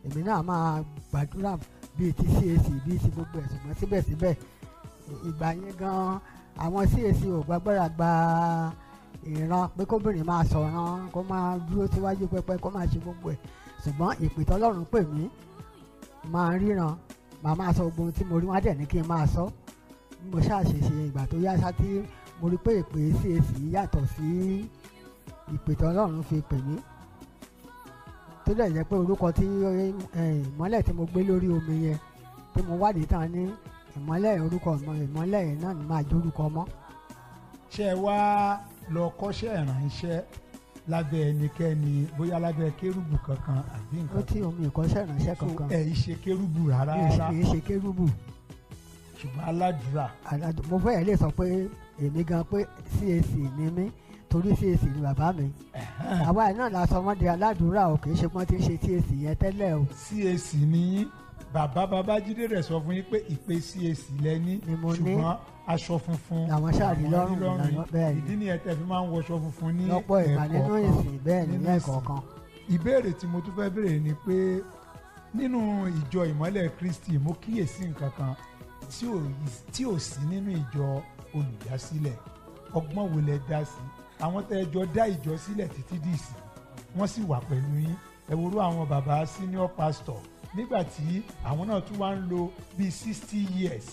èmi náà máa gbàdúrà bíi ti CAC bíi ti gbogbo ẹ̀ ṣùgbọ́n síbẹ̀síbẹ̀ ìgbà yẹn gan àwọn CAC ò gbàgbọ́dà gba ìran pé kóbìnrin máa sọ̀ràn kó máa dúró síwájú pẹpẹ kó máa ṣe gbogbo ẹ̀ ṣùgbọ́n ìpìtọ́ ọlọ́run pè mí máa ríran màá máa sọ gbogbo ohun tí mo rí wá dẹ̀ ní kí n máa sọ mo ṣàṣeṣe ìgbà tó yá sá tí mo rí pé ìpè CAC yàtọ̀ sí ìpìtọ́ ọlọ́run fi pè mí tó dẹ̀ jẹ́ pé orúkọ tí ìmọ́lẹ̀ tí mo gbé lórí omi yẹn tí mo wádìí tán ní ìmọ́lẹ̀ orúkọ ọmọ ìmọ́lẹ̀ náà ni máa jórúkọ ọmọ. ṣé ẹ wá lọ kọ́ṣẹ́ ìrànṣẹ́ lábẹ́ ẹnikẹ́ni bóyá lábẹ́ kérúbù kankan àbí nǹkan. ó ti omi ìkọ́ṣẹ́ ìrànṣẹ́ kankan. ẹ̀ ṣe kérúbù rárá rárá. ẹ̀ ṣe kérúbù. ṣùgbọ́n aládùúrà. aládùúrà mo fẹ́ lè sọ pé èmi gan pé CAC ni mí torí CAC ni bàbá mi. àwa náà la sọ wọ́n di aládùúrà o kì í ṣe pọ́n ti ń ṣe CAC yẹn tẹ́lẹ̀ o. CAC ni bàbá Babájídé rẹ̀ sọ fún yín pé ìpè CAC lẹ́ni ṣùgbọ́n aṣọ funfun làwọn ṣáàrí lọ́rùn lọ́rùn ìdí ni ẹ̀tẹ́ fi máa ń wọṣọ funfun ní lọ́pọ̀ ìbàlẹ̀ ìbéèrè tí mo tún fẹ́ béèrè ni pé nínú ìjọ ìmọ́lẹ̀ Kristi mo kíyèsí nǹkan kan tí ò sí nínú ìjọ olùdásílẹ̀ ọgbọ́n wo lẹ dá sí àwọn tẹ́ ẹ jọ dá ìjọ sílẹ̀ títí dì sí wọ́n sì wà pẹ̀lú yín ẹ àwọn bàbá senior pastor nígbà tí àwọn náà tún wá ń lo bíi sixty years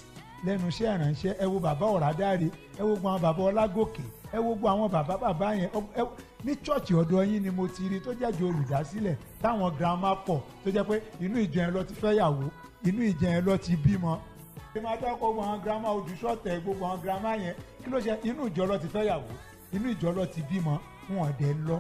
lẹ́nu iṣẹ́ ìrànṣẹ́ ẹ wo bàbá ọ̀ràdáre ẹ wo gbọ́n bàbá ọlágòkè ẹ wo gbọ́n àwọn bàbá bàbá yẹn ní chọ́ọ̀chì ọ̀dọ̀ yín ni mo ti rí tó jẹ́jọ́ olùdásílẹ̀ táwọn girama pọ̀ tó jẹ́ pé inú ìjọ yẹn lọ ti fẹ́ yàwó inú ìjọ yẹn lọ ti bímọ. ẹ máa dákọ̀ gbogbo àwọn girama ojúṣọ́tẹ̀ gbogbo àwọn girama yẹn kí ló ṣe inú ìjọ lọ ti fẹ́ yàwó inú ìjọ lọ ti bímọ wọn ò dé lọ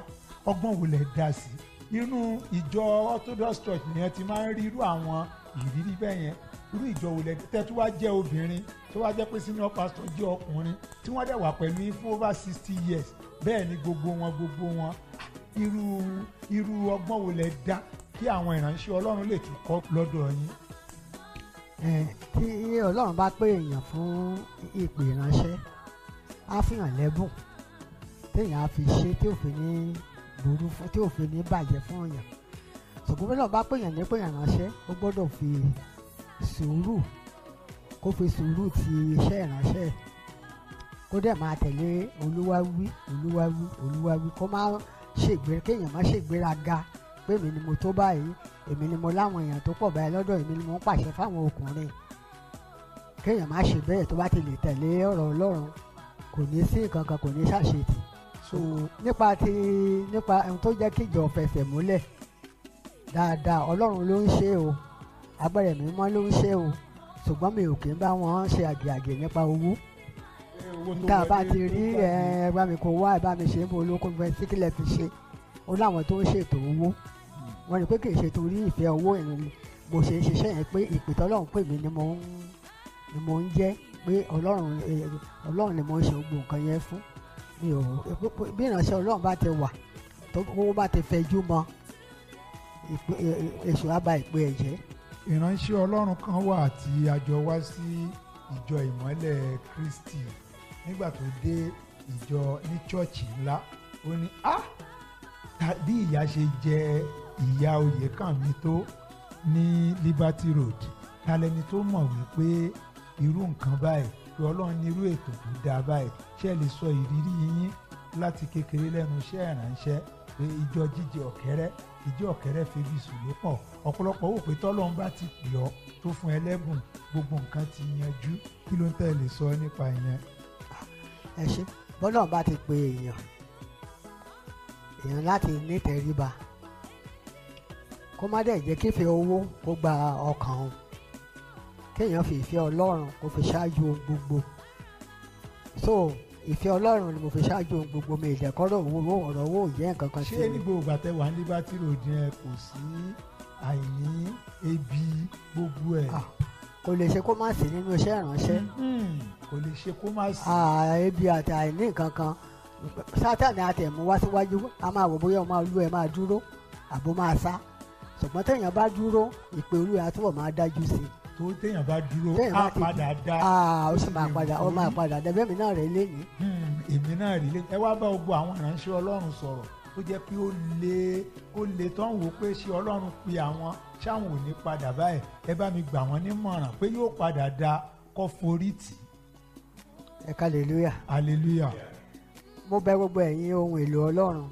ọgbọ́n wo lẹ dá sí i inú ìjọ orthodox church nìyẹn ti máa ń rí irú àwọn ìrírí bẹ́ẹ̀ yẹn irú ìjọ wo lẹ́dí tẹ́ tó wá jẹ́ obìnrin tó wá jẹ́ pé senior pastor jẹ́ ọkùnrin tí wọ́n dẹ̀ wà pẹ̀lú yín fún over sixty years bẹ́ẹ̀ ni gbogbo wọn gbogbo wọn irú irú ọgbọ́n wo lẹ dá kí àwọn ìránṣẹ́ ọlọ́run lè tún kọ́ lọ́dọ̀ yín. tí ọlọ́run bá pé èèyàn fún ìpè ìránṣẹ́ á fihàn lẹ́bùn téèyàn á fi ṣe tí ò fi ní burú fún tí òfin ní bàjẹ́ fún èèyàn ṣùgbọ́n bí lọ́ba pèèyàn ní pèèyàn ránṣẹ́ ó gbọ́dọ̀ fi sùúrù kó fi sùúrù ti iṣẹ́ ìránṣẹ́ kó dẹ̀ máa tẹ̀lé olúwawí olúwawí olúwawí kó má ṣègbè kéèyàn má ṣègbéraga pé èmi ni mo tó báyìí èmi ni mo láwọn èèyàn tó pọ̀ báyìí lọ́dọ̀ èmi ni mo ń pàṣẹ fáwọn ọkùnrin kéèyàn má ṣe bẹ́ẹ̀ tó bá ti lè tẹ̀lé ọ̀rọ̀ Ọlọ́run kò ní sí nǹkan kan kò ní ṣàṣetì so nípa ti nípa ohun tó jẹ́ kí ìjọ fẹsẹ̀ múlẹ̀ dáadáa ọlọ́run ló ń ṣe o agbára ẹ̀mí mọ́ ló ń ṣe o ṣùgbọ́n mi ò kì í bá wọn ṣe àgèàgè nípa owó tá a bá ti rí ẹ ẹ bá mi kó wá ẹ bá mi ṣe é mo olóko fẹ sí kílẹ̀ fi ṣe ó láwọn tó ń ṣètò owó wọn ni pé kì í ṣe torí ìfẹ́ owó ìrìn mo ṣe ṣiṣẹ́ yẹn pé ìpètè ọlọ́run pè mí ni mo ń ni mo jẹ́ pé ọlọ́run ni mo ń ṣe gbogbo nǹkan yẹn fún mi ò bí ìránṣẹ́ ọlọ́run bá ti wà tó owó bá ti fẹjú mọ́ èṣù àbá ìpè ẹ̀jẹ̀. ìránṣẹ́ ọlọ́run kan wà tí a jọ wá sí ìjọ ìmọ́lẹ̀ kristi nígbà tó dé ìjọ ní chọ́ọ̀chì ńlá ó ní á bí ìyá ṣe jẹ ìyá oyèkánmi tó ní liberty road ta lẹni tó mọ̀ wípé irú nǹkan báyìí pé ọlọ́run ní irú ètò tó dáa báyìí ṣé ẹ lè sọ ìrírí yín láti kékeré lẹ́nu iṣẹ́ ìrànṣẹ́ pé ìjọ jíjẹ ọ̀kẹ́rẹ́ ìjọ ọ̀kẹ́rẹ́ febi sùn ló pọ̀ ọ̀pọ̀lọpọ̀ wò pé tọ́lọ́run bá ti pè ọ́ tó fún ẹlẹ́bùn gbogbo nǹkan ti yanjú kí ló ń tẹ̀ lè sọ nípa ìyẹn. ẹ ṣe bọ́lọ́run bá ti pe èèyàn èèyàn láti nítẹríba kó má dẹ̀ jẹ́ kífẹ́ owó kó gba ọkàn òun kéèyàn fi ìfẹ́ ọlọ́run kó fi ṣáájú ohun gbogbo so ìfẹ́ ọlọ́run ni mo fi ṣáájú ohun gbogbo mi ìdẹ́kọ́rọ̀ owó ọ̀rọ̀ owó jẹ́ nǹkan kan sí mi. ṣé ní gbogbo àtẹ wà ní bátì ròdì ẹ kò sí àìní ebi gbogbo ẹ. Ah, kò lè ṣe kó má sí nínú iṣẹ́ ìránṣẹ́. Mm-hmm. kò lè ṣe kó má sí. Ah, ebi àti àìní nǹkan kan sátani àtẹ̀mú wá síwájú a máa wò bóyá o máa lú ẹ máa dúró àbó máa sá ṣùgbọ́n téèyàn bá dúró ìpè olú ẹ máa dájú sí i tó téèyàn bá dúró á padà dá. ó sì máa padà ó máa padà dá bẹ́ẹ̀ mi náà rẹ̀ lé ní. Hmm, èmi náà rẹ̀ lé ní ẹ wá bá gbogbo àwọn ìránṣẹ́ ọlọ́run sọ̀rọ̀ tó jẹ́ pé ó le ó le tán wò pé ṣé ọlọ́run pe àwọn ṣáwọn ò ní padà báyìí ẹ bá mi gbà wọ́n nímọ̀ràn pé yóò padà dá kọ́ forí tì. ẹ ká aleluya. aleluya. mo bẹ̀ gbogbo ẹ̀yin ohun èlò ọlọ́run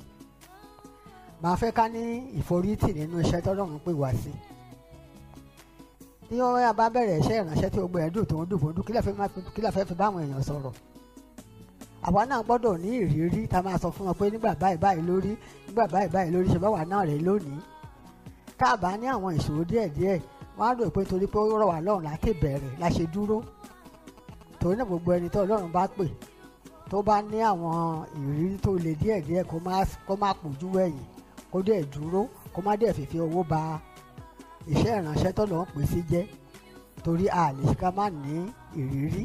màá fẹ́ ká ní ìforítì nínú iṣẹ́ tọ́lọ́run pè wá sí i tí ó bá bẹ̀rẹ̀ iṣẹ́ ìránṣẹ́ tí gbogbo ẹ̀ dùn tó ń dùn fún dùn kí la fẹ́ fi báwọn èèyàn sọ̀rọ̀ àwa náà gbọ́dọ̀ ní ìrírí tá a máa sọ fún wọn pé nígbà báyìí báyìí lórí nígbà báyìí báyìí lórí ṣe bá wà náà rẹ̀ lónìí tá a bá ní àwọn ìṣòro díẹ̀díẹ̀ wọ́n á rò pé torí pé ó rọ̀ wá lọ́rùn láti bẹ̀rẹ̀ la ṣe dúró torí náà gbogbo ẹni tó Ọlọ́run bá pè tó bá ní àwọn ìrírí tó le díẹ̀díẹ̀ kó má pòjú wẹ̀yìn kó dẹ̀ dúró kó má dẹ̀ fìfẹ́ owó ba iṣẹ́ ìránṣẹ́ tó lọ́n pè sí jẹ́ torí a lè ká má ní ìrírí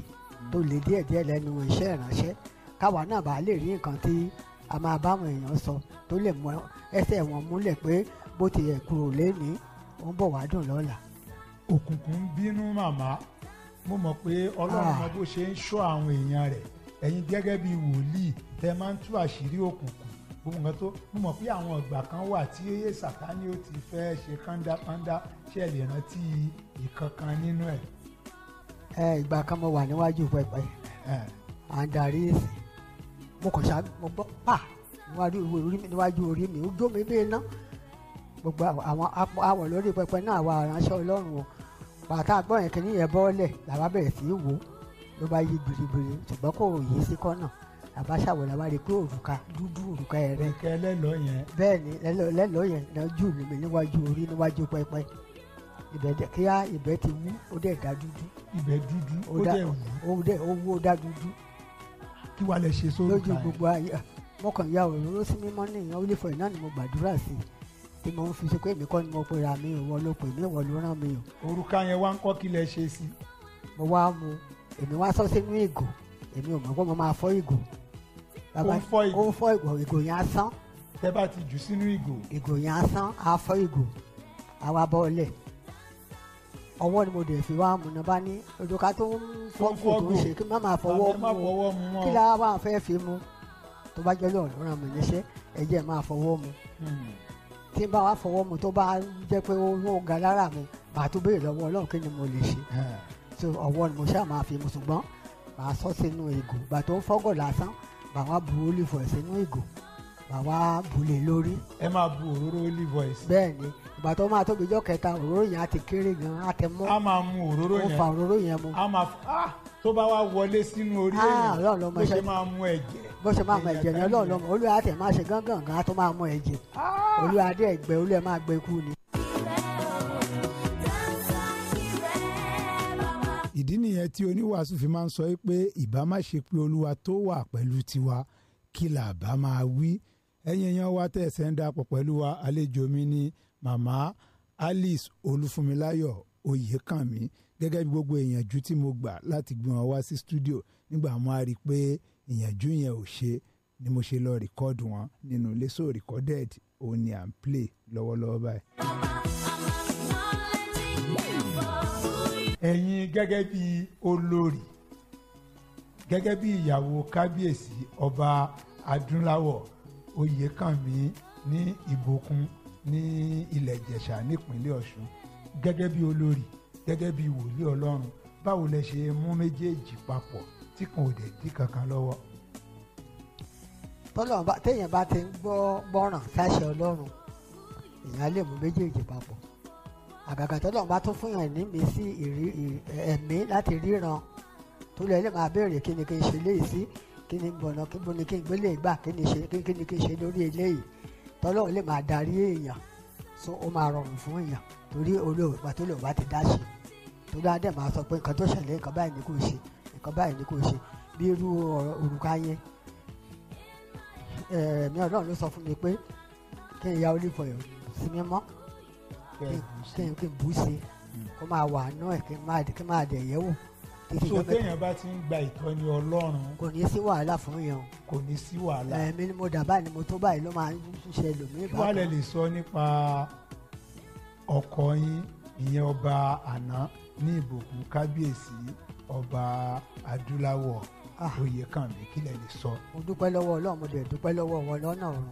tó lè díẹ̀ díẹ̀ lẹ́nu iṣẹ́ ìránṣẹ́ káwa náà bá lè rí nǹkan tí a máa báwọn èèyàn sọ tó lè mú ẹsẹ̀ wọn múlẹ̀ pé bó ti yẹ kúrò lẹ́ni ó ń bọ̀ wá dùn lọ́la. òkùnkùn ń bínú màmá mo mọ̀ pé ọlọ́run ah. mọ ṣe ń ṣọ́ àwọn èèyàn rẹ̀ ẹ̀yin gẹ́gẹ́ bíi wòlíì tẹ máa ń tú àṣírí òkùnkùn gbogbo nǹkan tó mo mọ̀ pé àwọn ìgbà kan wà tí eye sàtáni ó ti fẹ́ ṣe kándákándá ṣe lè rántí ìkankan nínú ẹ̀. ẹ ìgbà kan mo wà níwájú pẹpẹ à ń darí èsì mo kàn ṣá mo gbọ́ pa níwájú orí mi ó jó mi bí iná gbogbo àwọn àwọn lórí pẹpẹ náà wà ránṣẹ́ Ọlọ́run o bàtà àgbọ̀yìn kìnìyẹn bọ́ọ̀lẹ̀ làwa bẹ̀rẹ̀ sí í wò ó ló bá yí gbirigbiri ṣùgbọ́n kò yí sí kọ́nà làbáṣàwọ̀ la wá rí i pé òrùka dúdú òrùka yẹn rẹ. òrùka ẹlẹ́lọ́ yẹn. bẹ́ẹ̀ni lẹ́lọ́ yẹn náà jù mí níwájú orí níwájú pẹ́pẹ́ ibẹ̀ dẹ̀ kíá ibẹ̀ ti wú ó dẹ̀ dá dúdú. ibẹ̀ dúdú ó dẹ̀ wú. ó dẹ̀ ó wú ó dá dúdú. kí wàá lè ṣe sórùka yẹn. lójú gbogbo ayé mọ́kàn ya ló sí mímọ́ ní ìyàn olífọ̀ iná ni mo gbàdúrà sí i tí mo ń fi ṣe pé èmi kọ́ ni mo pera mi ò wọ́n ló pè mí ìwọ ló rán mi o. òrùka yẹn wá ń kọ́ kí lẹ ṣe sí. mo wá mu èmi wá sọ sínú ìgò èmi ò mọ̀ pé mo máa fọ́ ìgò baba ó fọ́ ìgò ìgò yẹn á sán. tẹ́ bá ti jù sínú ìgò. ìgò yẹn á sán á fọ́ ìgò àwa bọ́ ọ lẹ̀ ọwọ́ ni mo dẹ̀ fi wá mu náà bá ní òjòká tó ń fọ́gùn tó ń ṣe kí má máa fọwọ́ mu kí lára wà fẹ́ fi mu tó bá jẹ́ lọ́rùn ràn mí níṣẹ́ ẹ̀jẹ̀ máa fọwọ́ mu hmm. tí n bá wá fọwọ́ mu tó bá jẹ́ pé ó ń ga lára mi màá tó béèrè lọ́wọ́ ọlọ́run kí ni mo lè ṣe hmm. so ọwọ́ ni mo ṣáà máa fi mu ṣùgbọ́n màá sọ sínú ìgò gbà tó ń fọ́gùn lásán bàwa bu olive oil sínú ìgò bàwa bulè lórí. ẹ máa bu òróró olive oil. bẹ́ẹ̀ni ìgbà tó máa tóbi jọ kẹta òróró yẹn á ti kéré gan á tẹ mọ́. a máa mu òróró yẹn ó fa òróró yẹn mu. a máa fa ah, tó bá wá wọlé sínú orí ah, èèyàn bó ṣe máa mu ẹ̀jẹ̀. bó ṣe máa mu ẹ̀jẹ̀ ni ọlọ́run lọ́mọ olúwa tẹ̀ máa ṣe gángan gan á tó máa mu ẹ̀jẹ̀ ah! olúwa dé ẹ̀gbẹ́ ni. tí oníwàásù fi máa ń sọ pé ìbá má ṣe pé olúwa tó wà pẹ̀lú tiwa kí là bá máa wí ẹ̀yin èèyàn wa tẹ̀ ṣẹ́ ń dapọ̀ pẹ̀lú wa àlejò mi ni màmá Alice Olúfúnmiláyọ̀ Oyèkànmí gẹ́gẹ́ bí gbogbo ìyànjú tí mo gbà láti gbé wọn wá sí studio nígbà mo á rí i pé ìyànjú yẹn ò ṣe ni mo ṣe lọ rìkọ́dù wọn nínú ilé so recorded òun ni à ń play lọ́wọ́lọ́wọ́ báyìí. ẹ̀yin gẹ́gẹ́ bí olórí gẹ́gẹ́ bí ìyàwó kábíyèsí ọba adúláwọ̀ oyèkànmí ní ìbòkun ní ilẹ̀ ìjẹ̀ṣà nípínlẹ̀ ọ̀ṣun gẹ́gẹ́ bí olórí gẹ́gẹ́ bí wòlíì ọlọ́run báwo lẹ ṣe mú méjèèjì papọ̀ tí kan ò dẹ̀ dí kankan lọ́wọ́. tọ́lọ̀ téèyàn bá ti ń gbọ́ gbọ́ràn sáṣẹ ọlọ́run èèyàn lè mú méjèèjì papọ̀ àgàgà tọ́lọ́run bá tún fún yàn nímì sí ẹ̀mí láti ríran tó lè lè máa béèrè kí ni kí n ṣe léyìí sí kí ni gbọ̀nà kí ni kí n gbélé gbà kí ni kí n ṣe lórí eléyìí tọ́lọ́run lè máa darí èèyàn so ó máa rọrùn fún èèyàn torí olóògbà tó lòun bá ti dá ṣe torí adé máa sọ pé nǹkan tó ṣẹlẹ̀ nǹkan báyìí ni kò ṣe nǹkan báyìí ni kò ṣe bí irú òrùka yẹn ẹ̀ẹ̀mí ọlọ́run ló sọ fún mi pé kí n ya orí fọyọ̀ sí mímọ́ kí n kí n bù sí hmm. kó máa wà náà ẹ̀ kí n máa dẹ̀ yẹ̀ wò. so téèyàn bá ti ń gba ìtọ́ni ọlọ́run. kò ní sí wàhálà fún yẹn o. kò ní sí wàhálà. ẹ̀mí ni mo dà báyìí ni mo tó báyìí ló máa ń ṣe lòmíì. kí wàá lè lè sọ nípa ọkọ yín ìyẹn ọba àná ní ìbòkún kábíyèsí ọba adúláwọ̀ oyè kan mi kí lè lè sọ. mo dúpẹ́ lọ́wọ́ ọlọ́run mo dẹ̀ dúpẹ́ lọ́wọ́ ọ̀wọ́ lọ́nà ọ̀run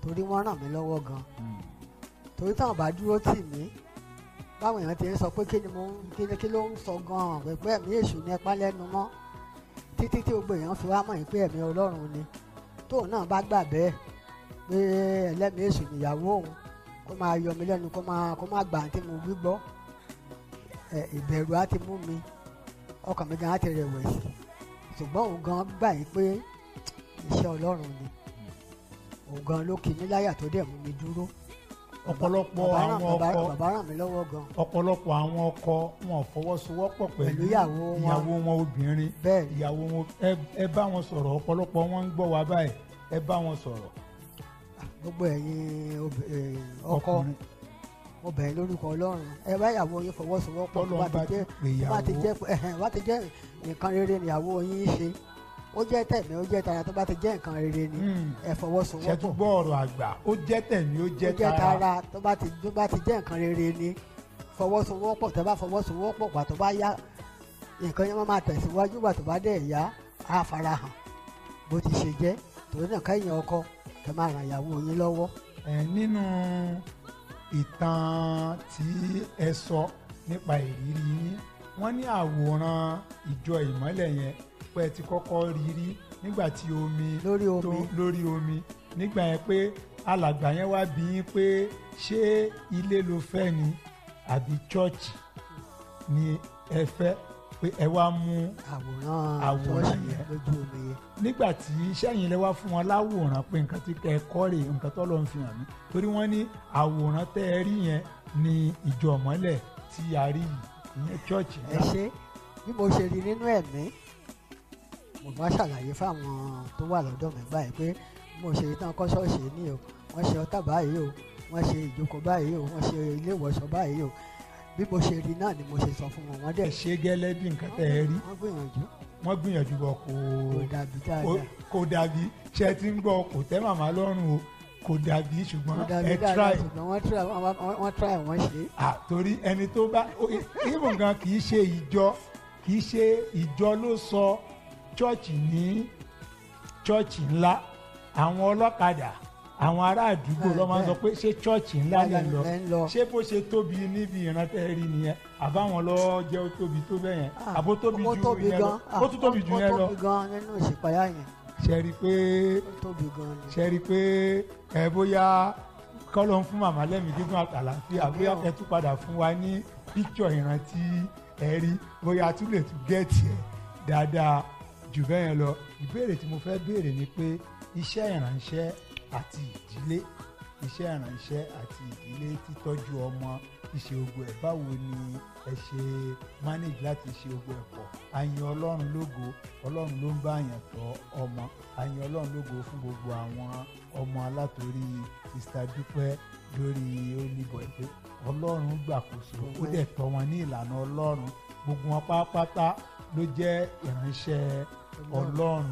torí wọ́n ràn mí lọ́wọ́ gan-an hmm torí táwọn bá dúró tì mí báwọn èèyàn ti ń sọ pé kí ni mo kí ni kí ló ń sọ gan-an pẹ̀pẹ́ mi èṣù ní ẹpá lẹ́nu mọ́ títí tí gbogbo èèyàn fi wá mọ̀ pé ẹ̀mí ọlọ́run ni tóun náà bá gbà bẹ́ẹ̀ pé ẹlẹ́mìí èṣù nìyàwó òun kó máa yọ mí lẹ́nu kó máa kó máa gbà tí mo wí gbọ́ ìbẹ̀rù á ti mú mi ọkàn mi gan á ti rẹ̀wẹ̀sì ṣùgbọ́n òun gan gbà yín pé iṣẹ́ ọlọ́run ni òun gan ló kì mí ọ̀pọ̀lọpọ̀ àwọn ọkọ ọ̀pọ̀lọpọ̀ àwọn ọkọ wọn fọwọ́sowọ́pọ̀ pẹ̀lú ìyàwó wọn obìnrin ìyàwó wọn ẹ bá wọn sọ̀rọ̀ ọ̀pọ̀lọpọ̀ wọn ń gbọ́ wá báyìí ẹ bá wọn sọ̀rọ̀. Ah, gbogbo ẹ̀yin eh, ọkọ obìnrin lórúkọ Ọlọ́run ẹ bá ìyàwó yín fọwọ́sowọ́pọ̀ bá ti jẹ́ nǹkan rere níyàwó yín ṣe ó jẹ́ tẹ̀mí ó jẹ́ tara tó bá ti jẹ́ nǹkan rere ni hmm. ẹ fọwọ́sowọ́pọ̀ ṣètò gbọ́ ọ̀rọ̀ àgbà ó jẹ́ tẹ̀mí ó jẹ́ tara tó bá ti tó bá ti jẹ́ nǹkan rere ni fọwọ́sowọ́pọ̀ tó bá fọwọ́sowọ́pọ̀ gbà tó bá yá nǹkan yẹn máa tẹ̀síwájú gbà tó bá dẹ̀ yá á farahàn bó ti ṣe jẹ́ torí náà kẹ́yìn ọkọ ẹ máa ràn ìyàwó yín lọ́wọ́. ẹ nínú ìtàn tí ẹ sọ nípa ìrírí yín wọ́n ní àwòrán ìjọ ìmọ́lẹ̀ yẹn pé ẹ ti kọ́kọ́ rí rí nígbà tí omi lórí omi lórí omi nígbà yẹn pé alàgbà yẹn wá bí yín pé ṣé ilé ló fẹ́ ni àbí chọ́ọ̀chì ni ẹ fẹ́ pé ẹ wá mú àwòrán yẹn lójú omi yẹn. nígbà tí sẹ́yìn lẹ wá fún wọn láwòrán pé nǹkan tí ẹ kọ́ rèé nǹkan tó lọ́n fi hàn mí torí wọ́n ní àwòrán tẹ́ ẹ rí yẹn ni ìjọ mọ́lẹ̀ tí a rí yìí ìyẹn chọ́ọ̀chì náà. ẹ ṣe bí mo ṣe rí nínú ẹ̀mí mo bá ṣàlàyé fáwọn tó wà lọ́dọ̀ mi báyìí pé mo ṣe tán kọ́ ṣọ́ọ̀ṣì o wọ́n ṣe ọtá báyìí o wọ́n ṣe ìjókòó báyìí o wọ́n ṣe ilé ìwòsàn báyìí o bí mo ṣe rí náà ni mo ṣe sọ fún wọn wọ́n dẹ̀. ṣé gẹ́lẹ́ bí nǹkan tẹ̀ ẹ́ rí wọ́n gbìyànjú wọ́n gbìyànjú bọ̀ kò kò dàbí ṣe ti ń gbọ́ kò tẹ́ màmá lọ́rùn o kò dàbí ṣùgbọ́n ẹ try wọ́n try wọ́n ṣe. àtòrí ẹni tó bá ibùn kì í ṣe ìjọ kì í ṣe ìjọ ló sọ chọ́ọ̀chì ní chọ́ọ̀chì ńlá àwọn ọlọ́kadà àwọn ará àdúgbò ló máa ń sọ pé ṣé chọ́ọ̀chì ńlá lè lọ ṣé bó ṣe tóbi níbi ìrántẹ́ rí nìyẹn àbáwọn lọ jẹ́ ó tóbi tó bẹ́ẹ̀ yẹn ah, àbó tóbi ju yẹn lọ ah, ó tún tóbi ju yẹn lọ. ó tóbi gan nínú ìṣèpáyà yẹn. ṣe pé ṣe pé ẹ bóyá kọ́lọ́ ń fún màmá lẹ́mìí gígùn bóyá ẹ tún padà fún wa ní píkṣọ̀ ìrántí ẹ bóyá a tún lè tún gẹ́ẹ̀tì ẹ̀ dáadáa jù bẹ́ẹ̀ lọ ìbéèrè tí mo fẹ́ béèrè ni pé iṣẹ́ ìrànṣẹ́ àti ìdílé iṣẹ́ ìrànṣẹ́ àti ìdílé títọ́jú ọmọ ìṣe ogun ẹ̀ báwo ni ẹ ṣe manage láti ṣe ogun ẹ̀ pọ̀ àyìn ọlọ́run lógo ọlọ́run ló ń bá àyàn tọ́ ọmọ àyìn ọlọ́run lógo fún gbogbo àwọn ọmọ alátorí sista dúpẹ́ lórí olùbọ̀ pé ọlọ́run gbàkóso ó dẹ̀ tọ́ wọn ní ìlànà ọlọ́run gbogbo wọn pátápátá ló jẹ́ ìránṣẹ́ ọlọ́run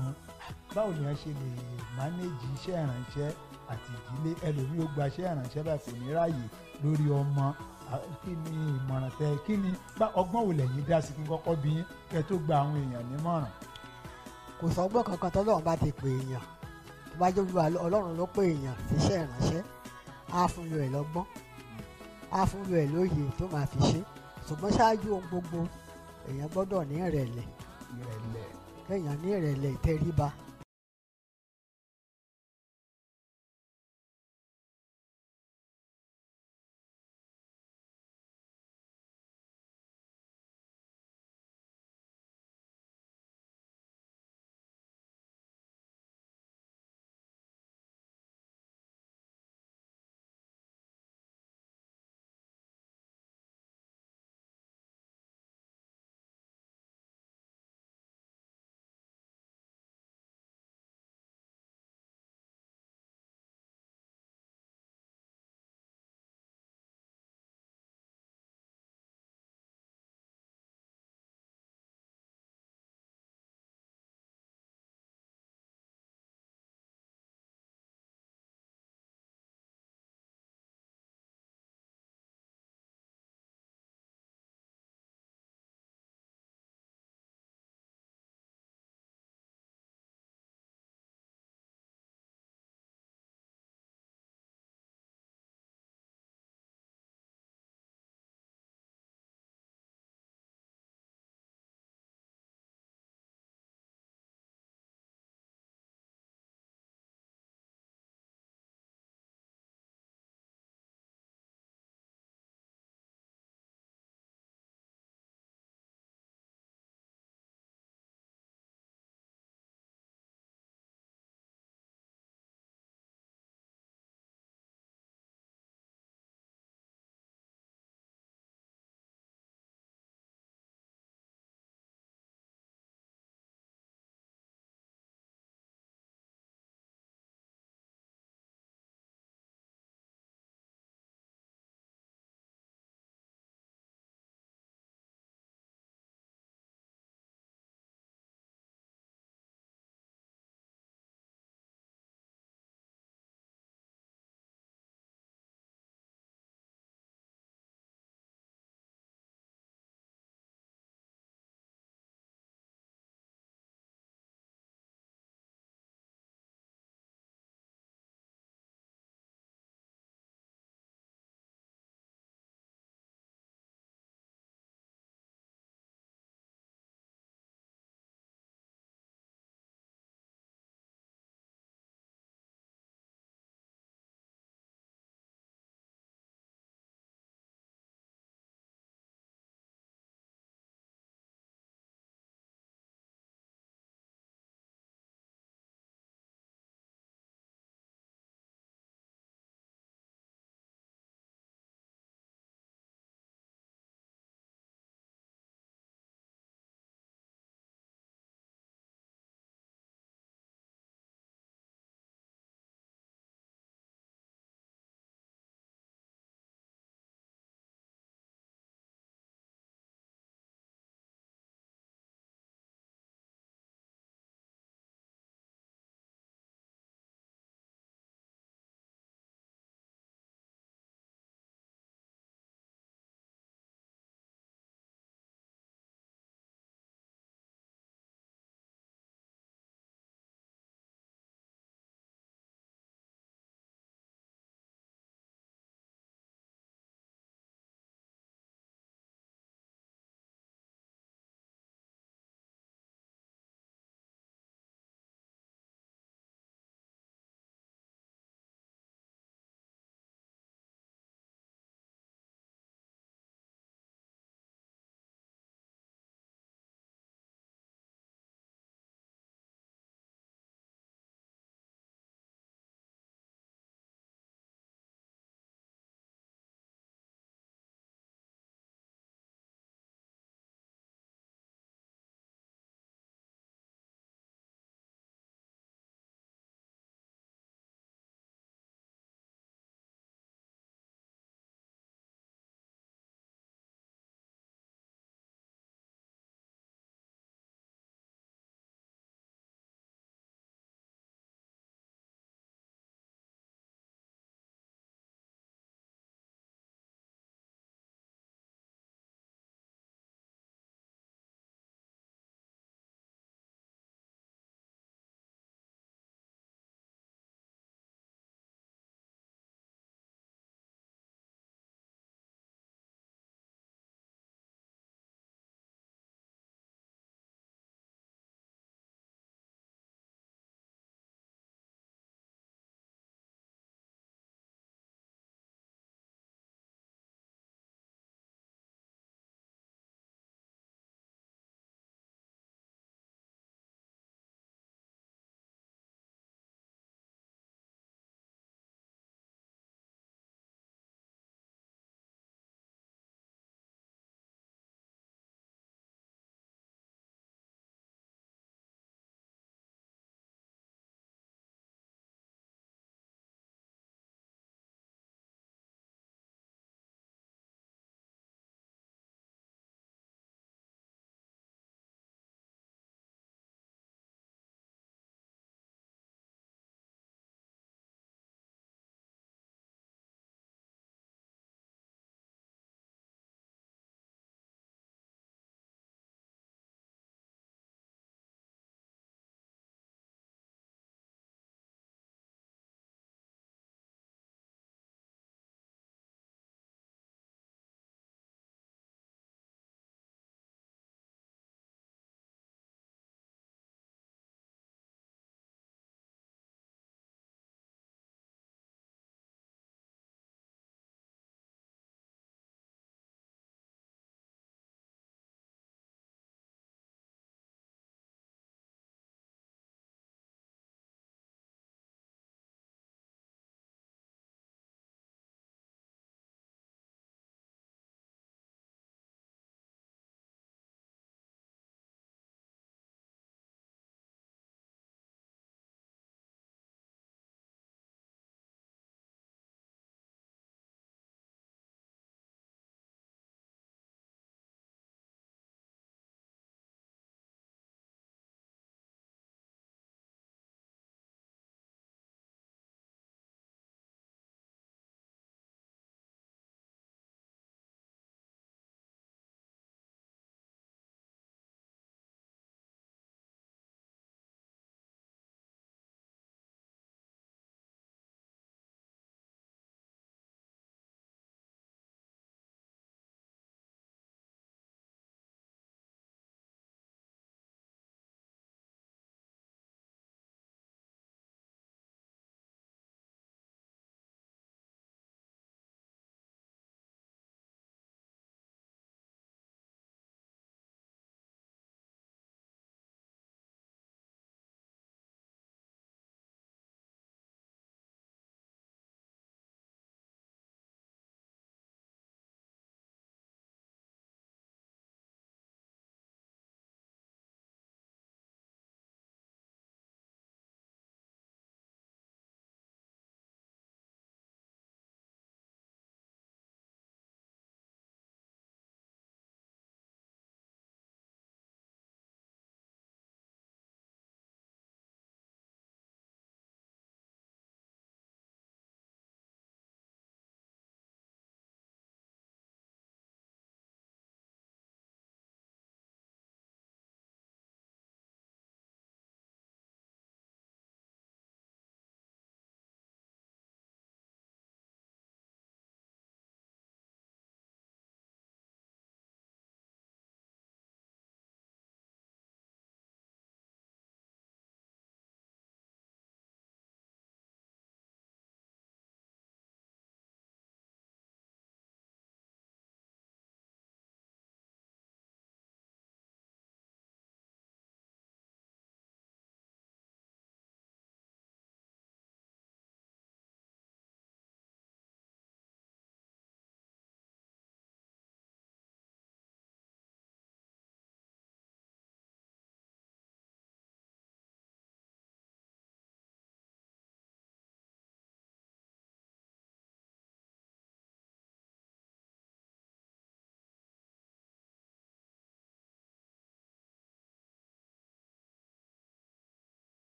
báwo ni a ṣe lè mánéjì iṣẹ́ ìrànṣẹ́ àti ìdílé ẹlòmíì ó gba iṣẹ́ ìrànṣẹ́ báyìí kò ní ráàyè lórí ọmọ kí ni ìmọ̀ràn tẹ kí ni ọgbọ́n wo lẹ́yìn dá sí kí n kọ́kọ́ bí kẹ́ tó gba àwọn èèyàn nímọ̀ràn. kò sọgbọ́n kankan tọ́lọ́run bá ti pè èèyàn tó bá jẹ́ olúwa ọlọ́run ló pè èèyàn síṣẹ́ ìrànṣẹ́ á fún lu ẹ̀ lọ́gbọ́n á fún lu ẹ̀ lóye tó máa fi ṣe ṣùgbọ́n ṣáájú ohun gbogbo èèyàn gbọ́dọ̀ ní ìrẹ̀lẹ̀. ìrẹ̀lẹ̀ èèyàn ní ìrẹ̀lẹ̀ ìtẹríba